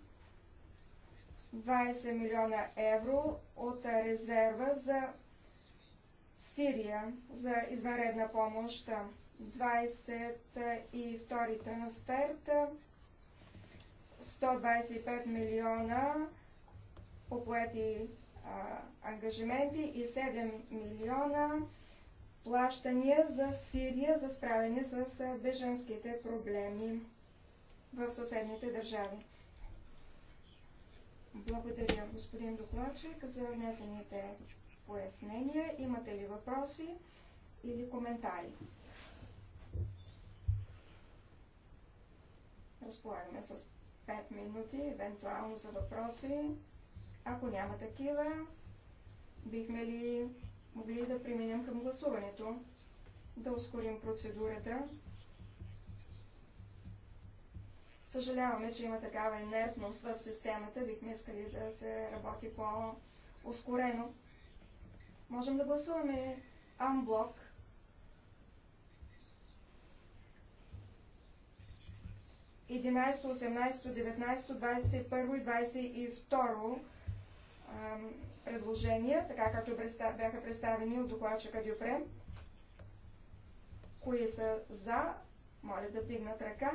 S1: 20 милиона евро от резерва за Сирия за извънредна помощ. 22 трансфер 125 милиона по поети а, ангажименти и 7 милиона плащания за Сирия за справяне с беженските проблеми в съседните държави. Благодаря, господин докладчик, за внесените пояснения. Имате ли въпроси или коментари? Разполагаме с 5 минути, евентуално за въпроси. Ако няма такива, бихме ли могли да преминем към гласуването, да ускорим процедурата. Съжаляваме, че има такава инертност в системата, бихме искали да се работи по-ускорено. Можем да гласуваме амблок. Единайсто, 18, 19, 21 и 22 предложения, така както бяха представени от докладчика Дюпре. Кои са за? Моля да вдигнат ръка.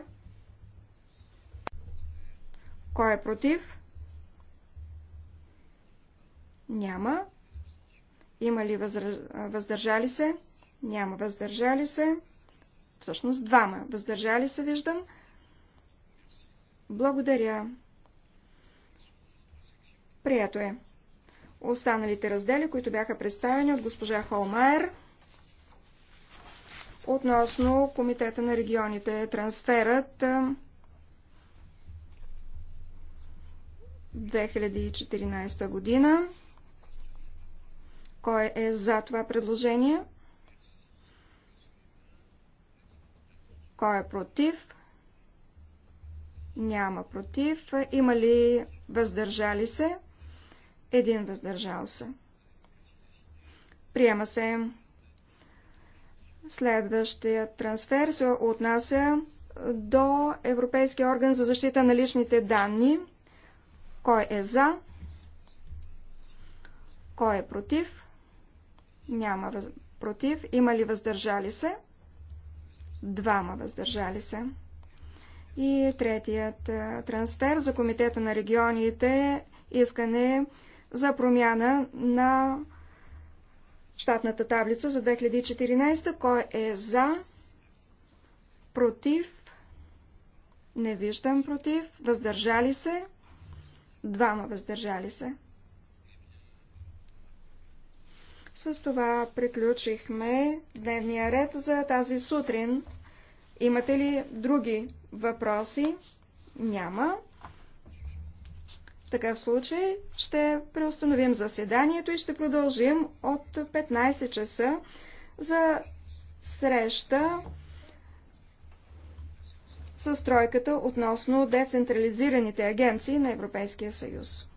S1: Кой е против? Няма. Има ли въздържали се? Няма въздържали се. Всъщност двама. Въздържали се, виждам. Благодаря. Прието е. Останалите раздели, които бяха представени от госпожа Холмайер относно Комитета на регионите, трансферът 2014 година. Кой е за това предложение? Кой е против? Няма против. Има ли въздържали се? един въздържал се. Приема се. Следващият трансфер се отнася до Европейския орган за защита на личните данни. Кой е за? Кой е против? Няма въз... против. Има ли въздържали се? Двама въздържали се. И третият трансфер за Комитета на регионите искане за промяна на щатната таблица за 2014. Кой е за? Против? Не виждам против. Въздържали се? Двама въздържали се. С това приключихме дневния ред за тази сутрин. Имате ли други въпроси? Няма такъв случай ще преустановим заседанието и ще продължим от 15 часа за среща с тройката относно децентрализираните агенции на Европейския съюз.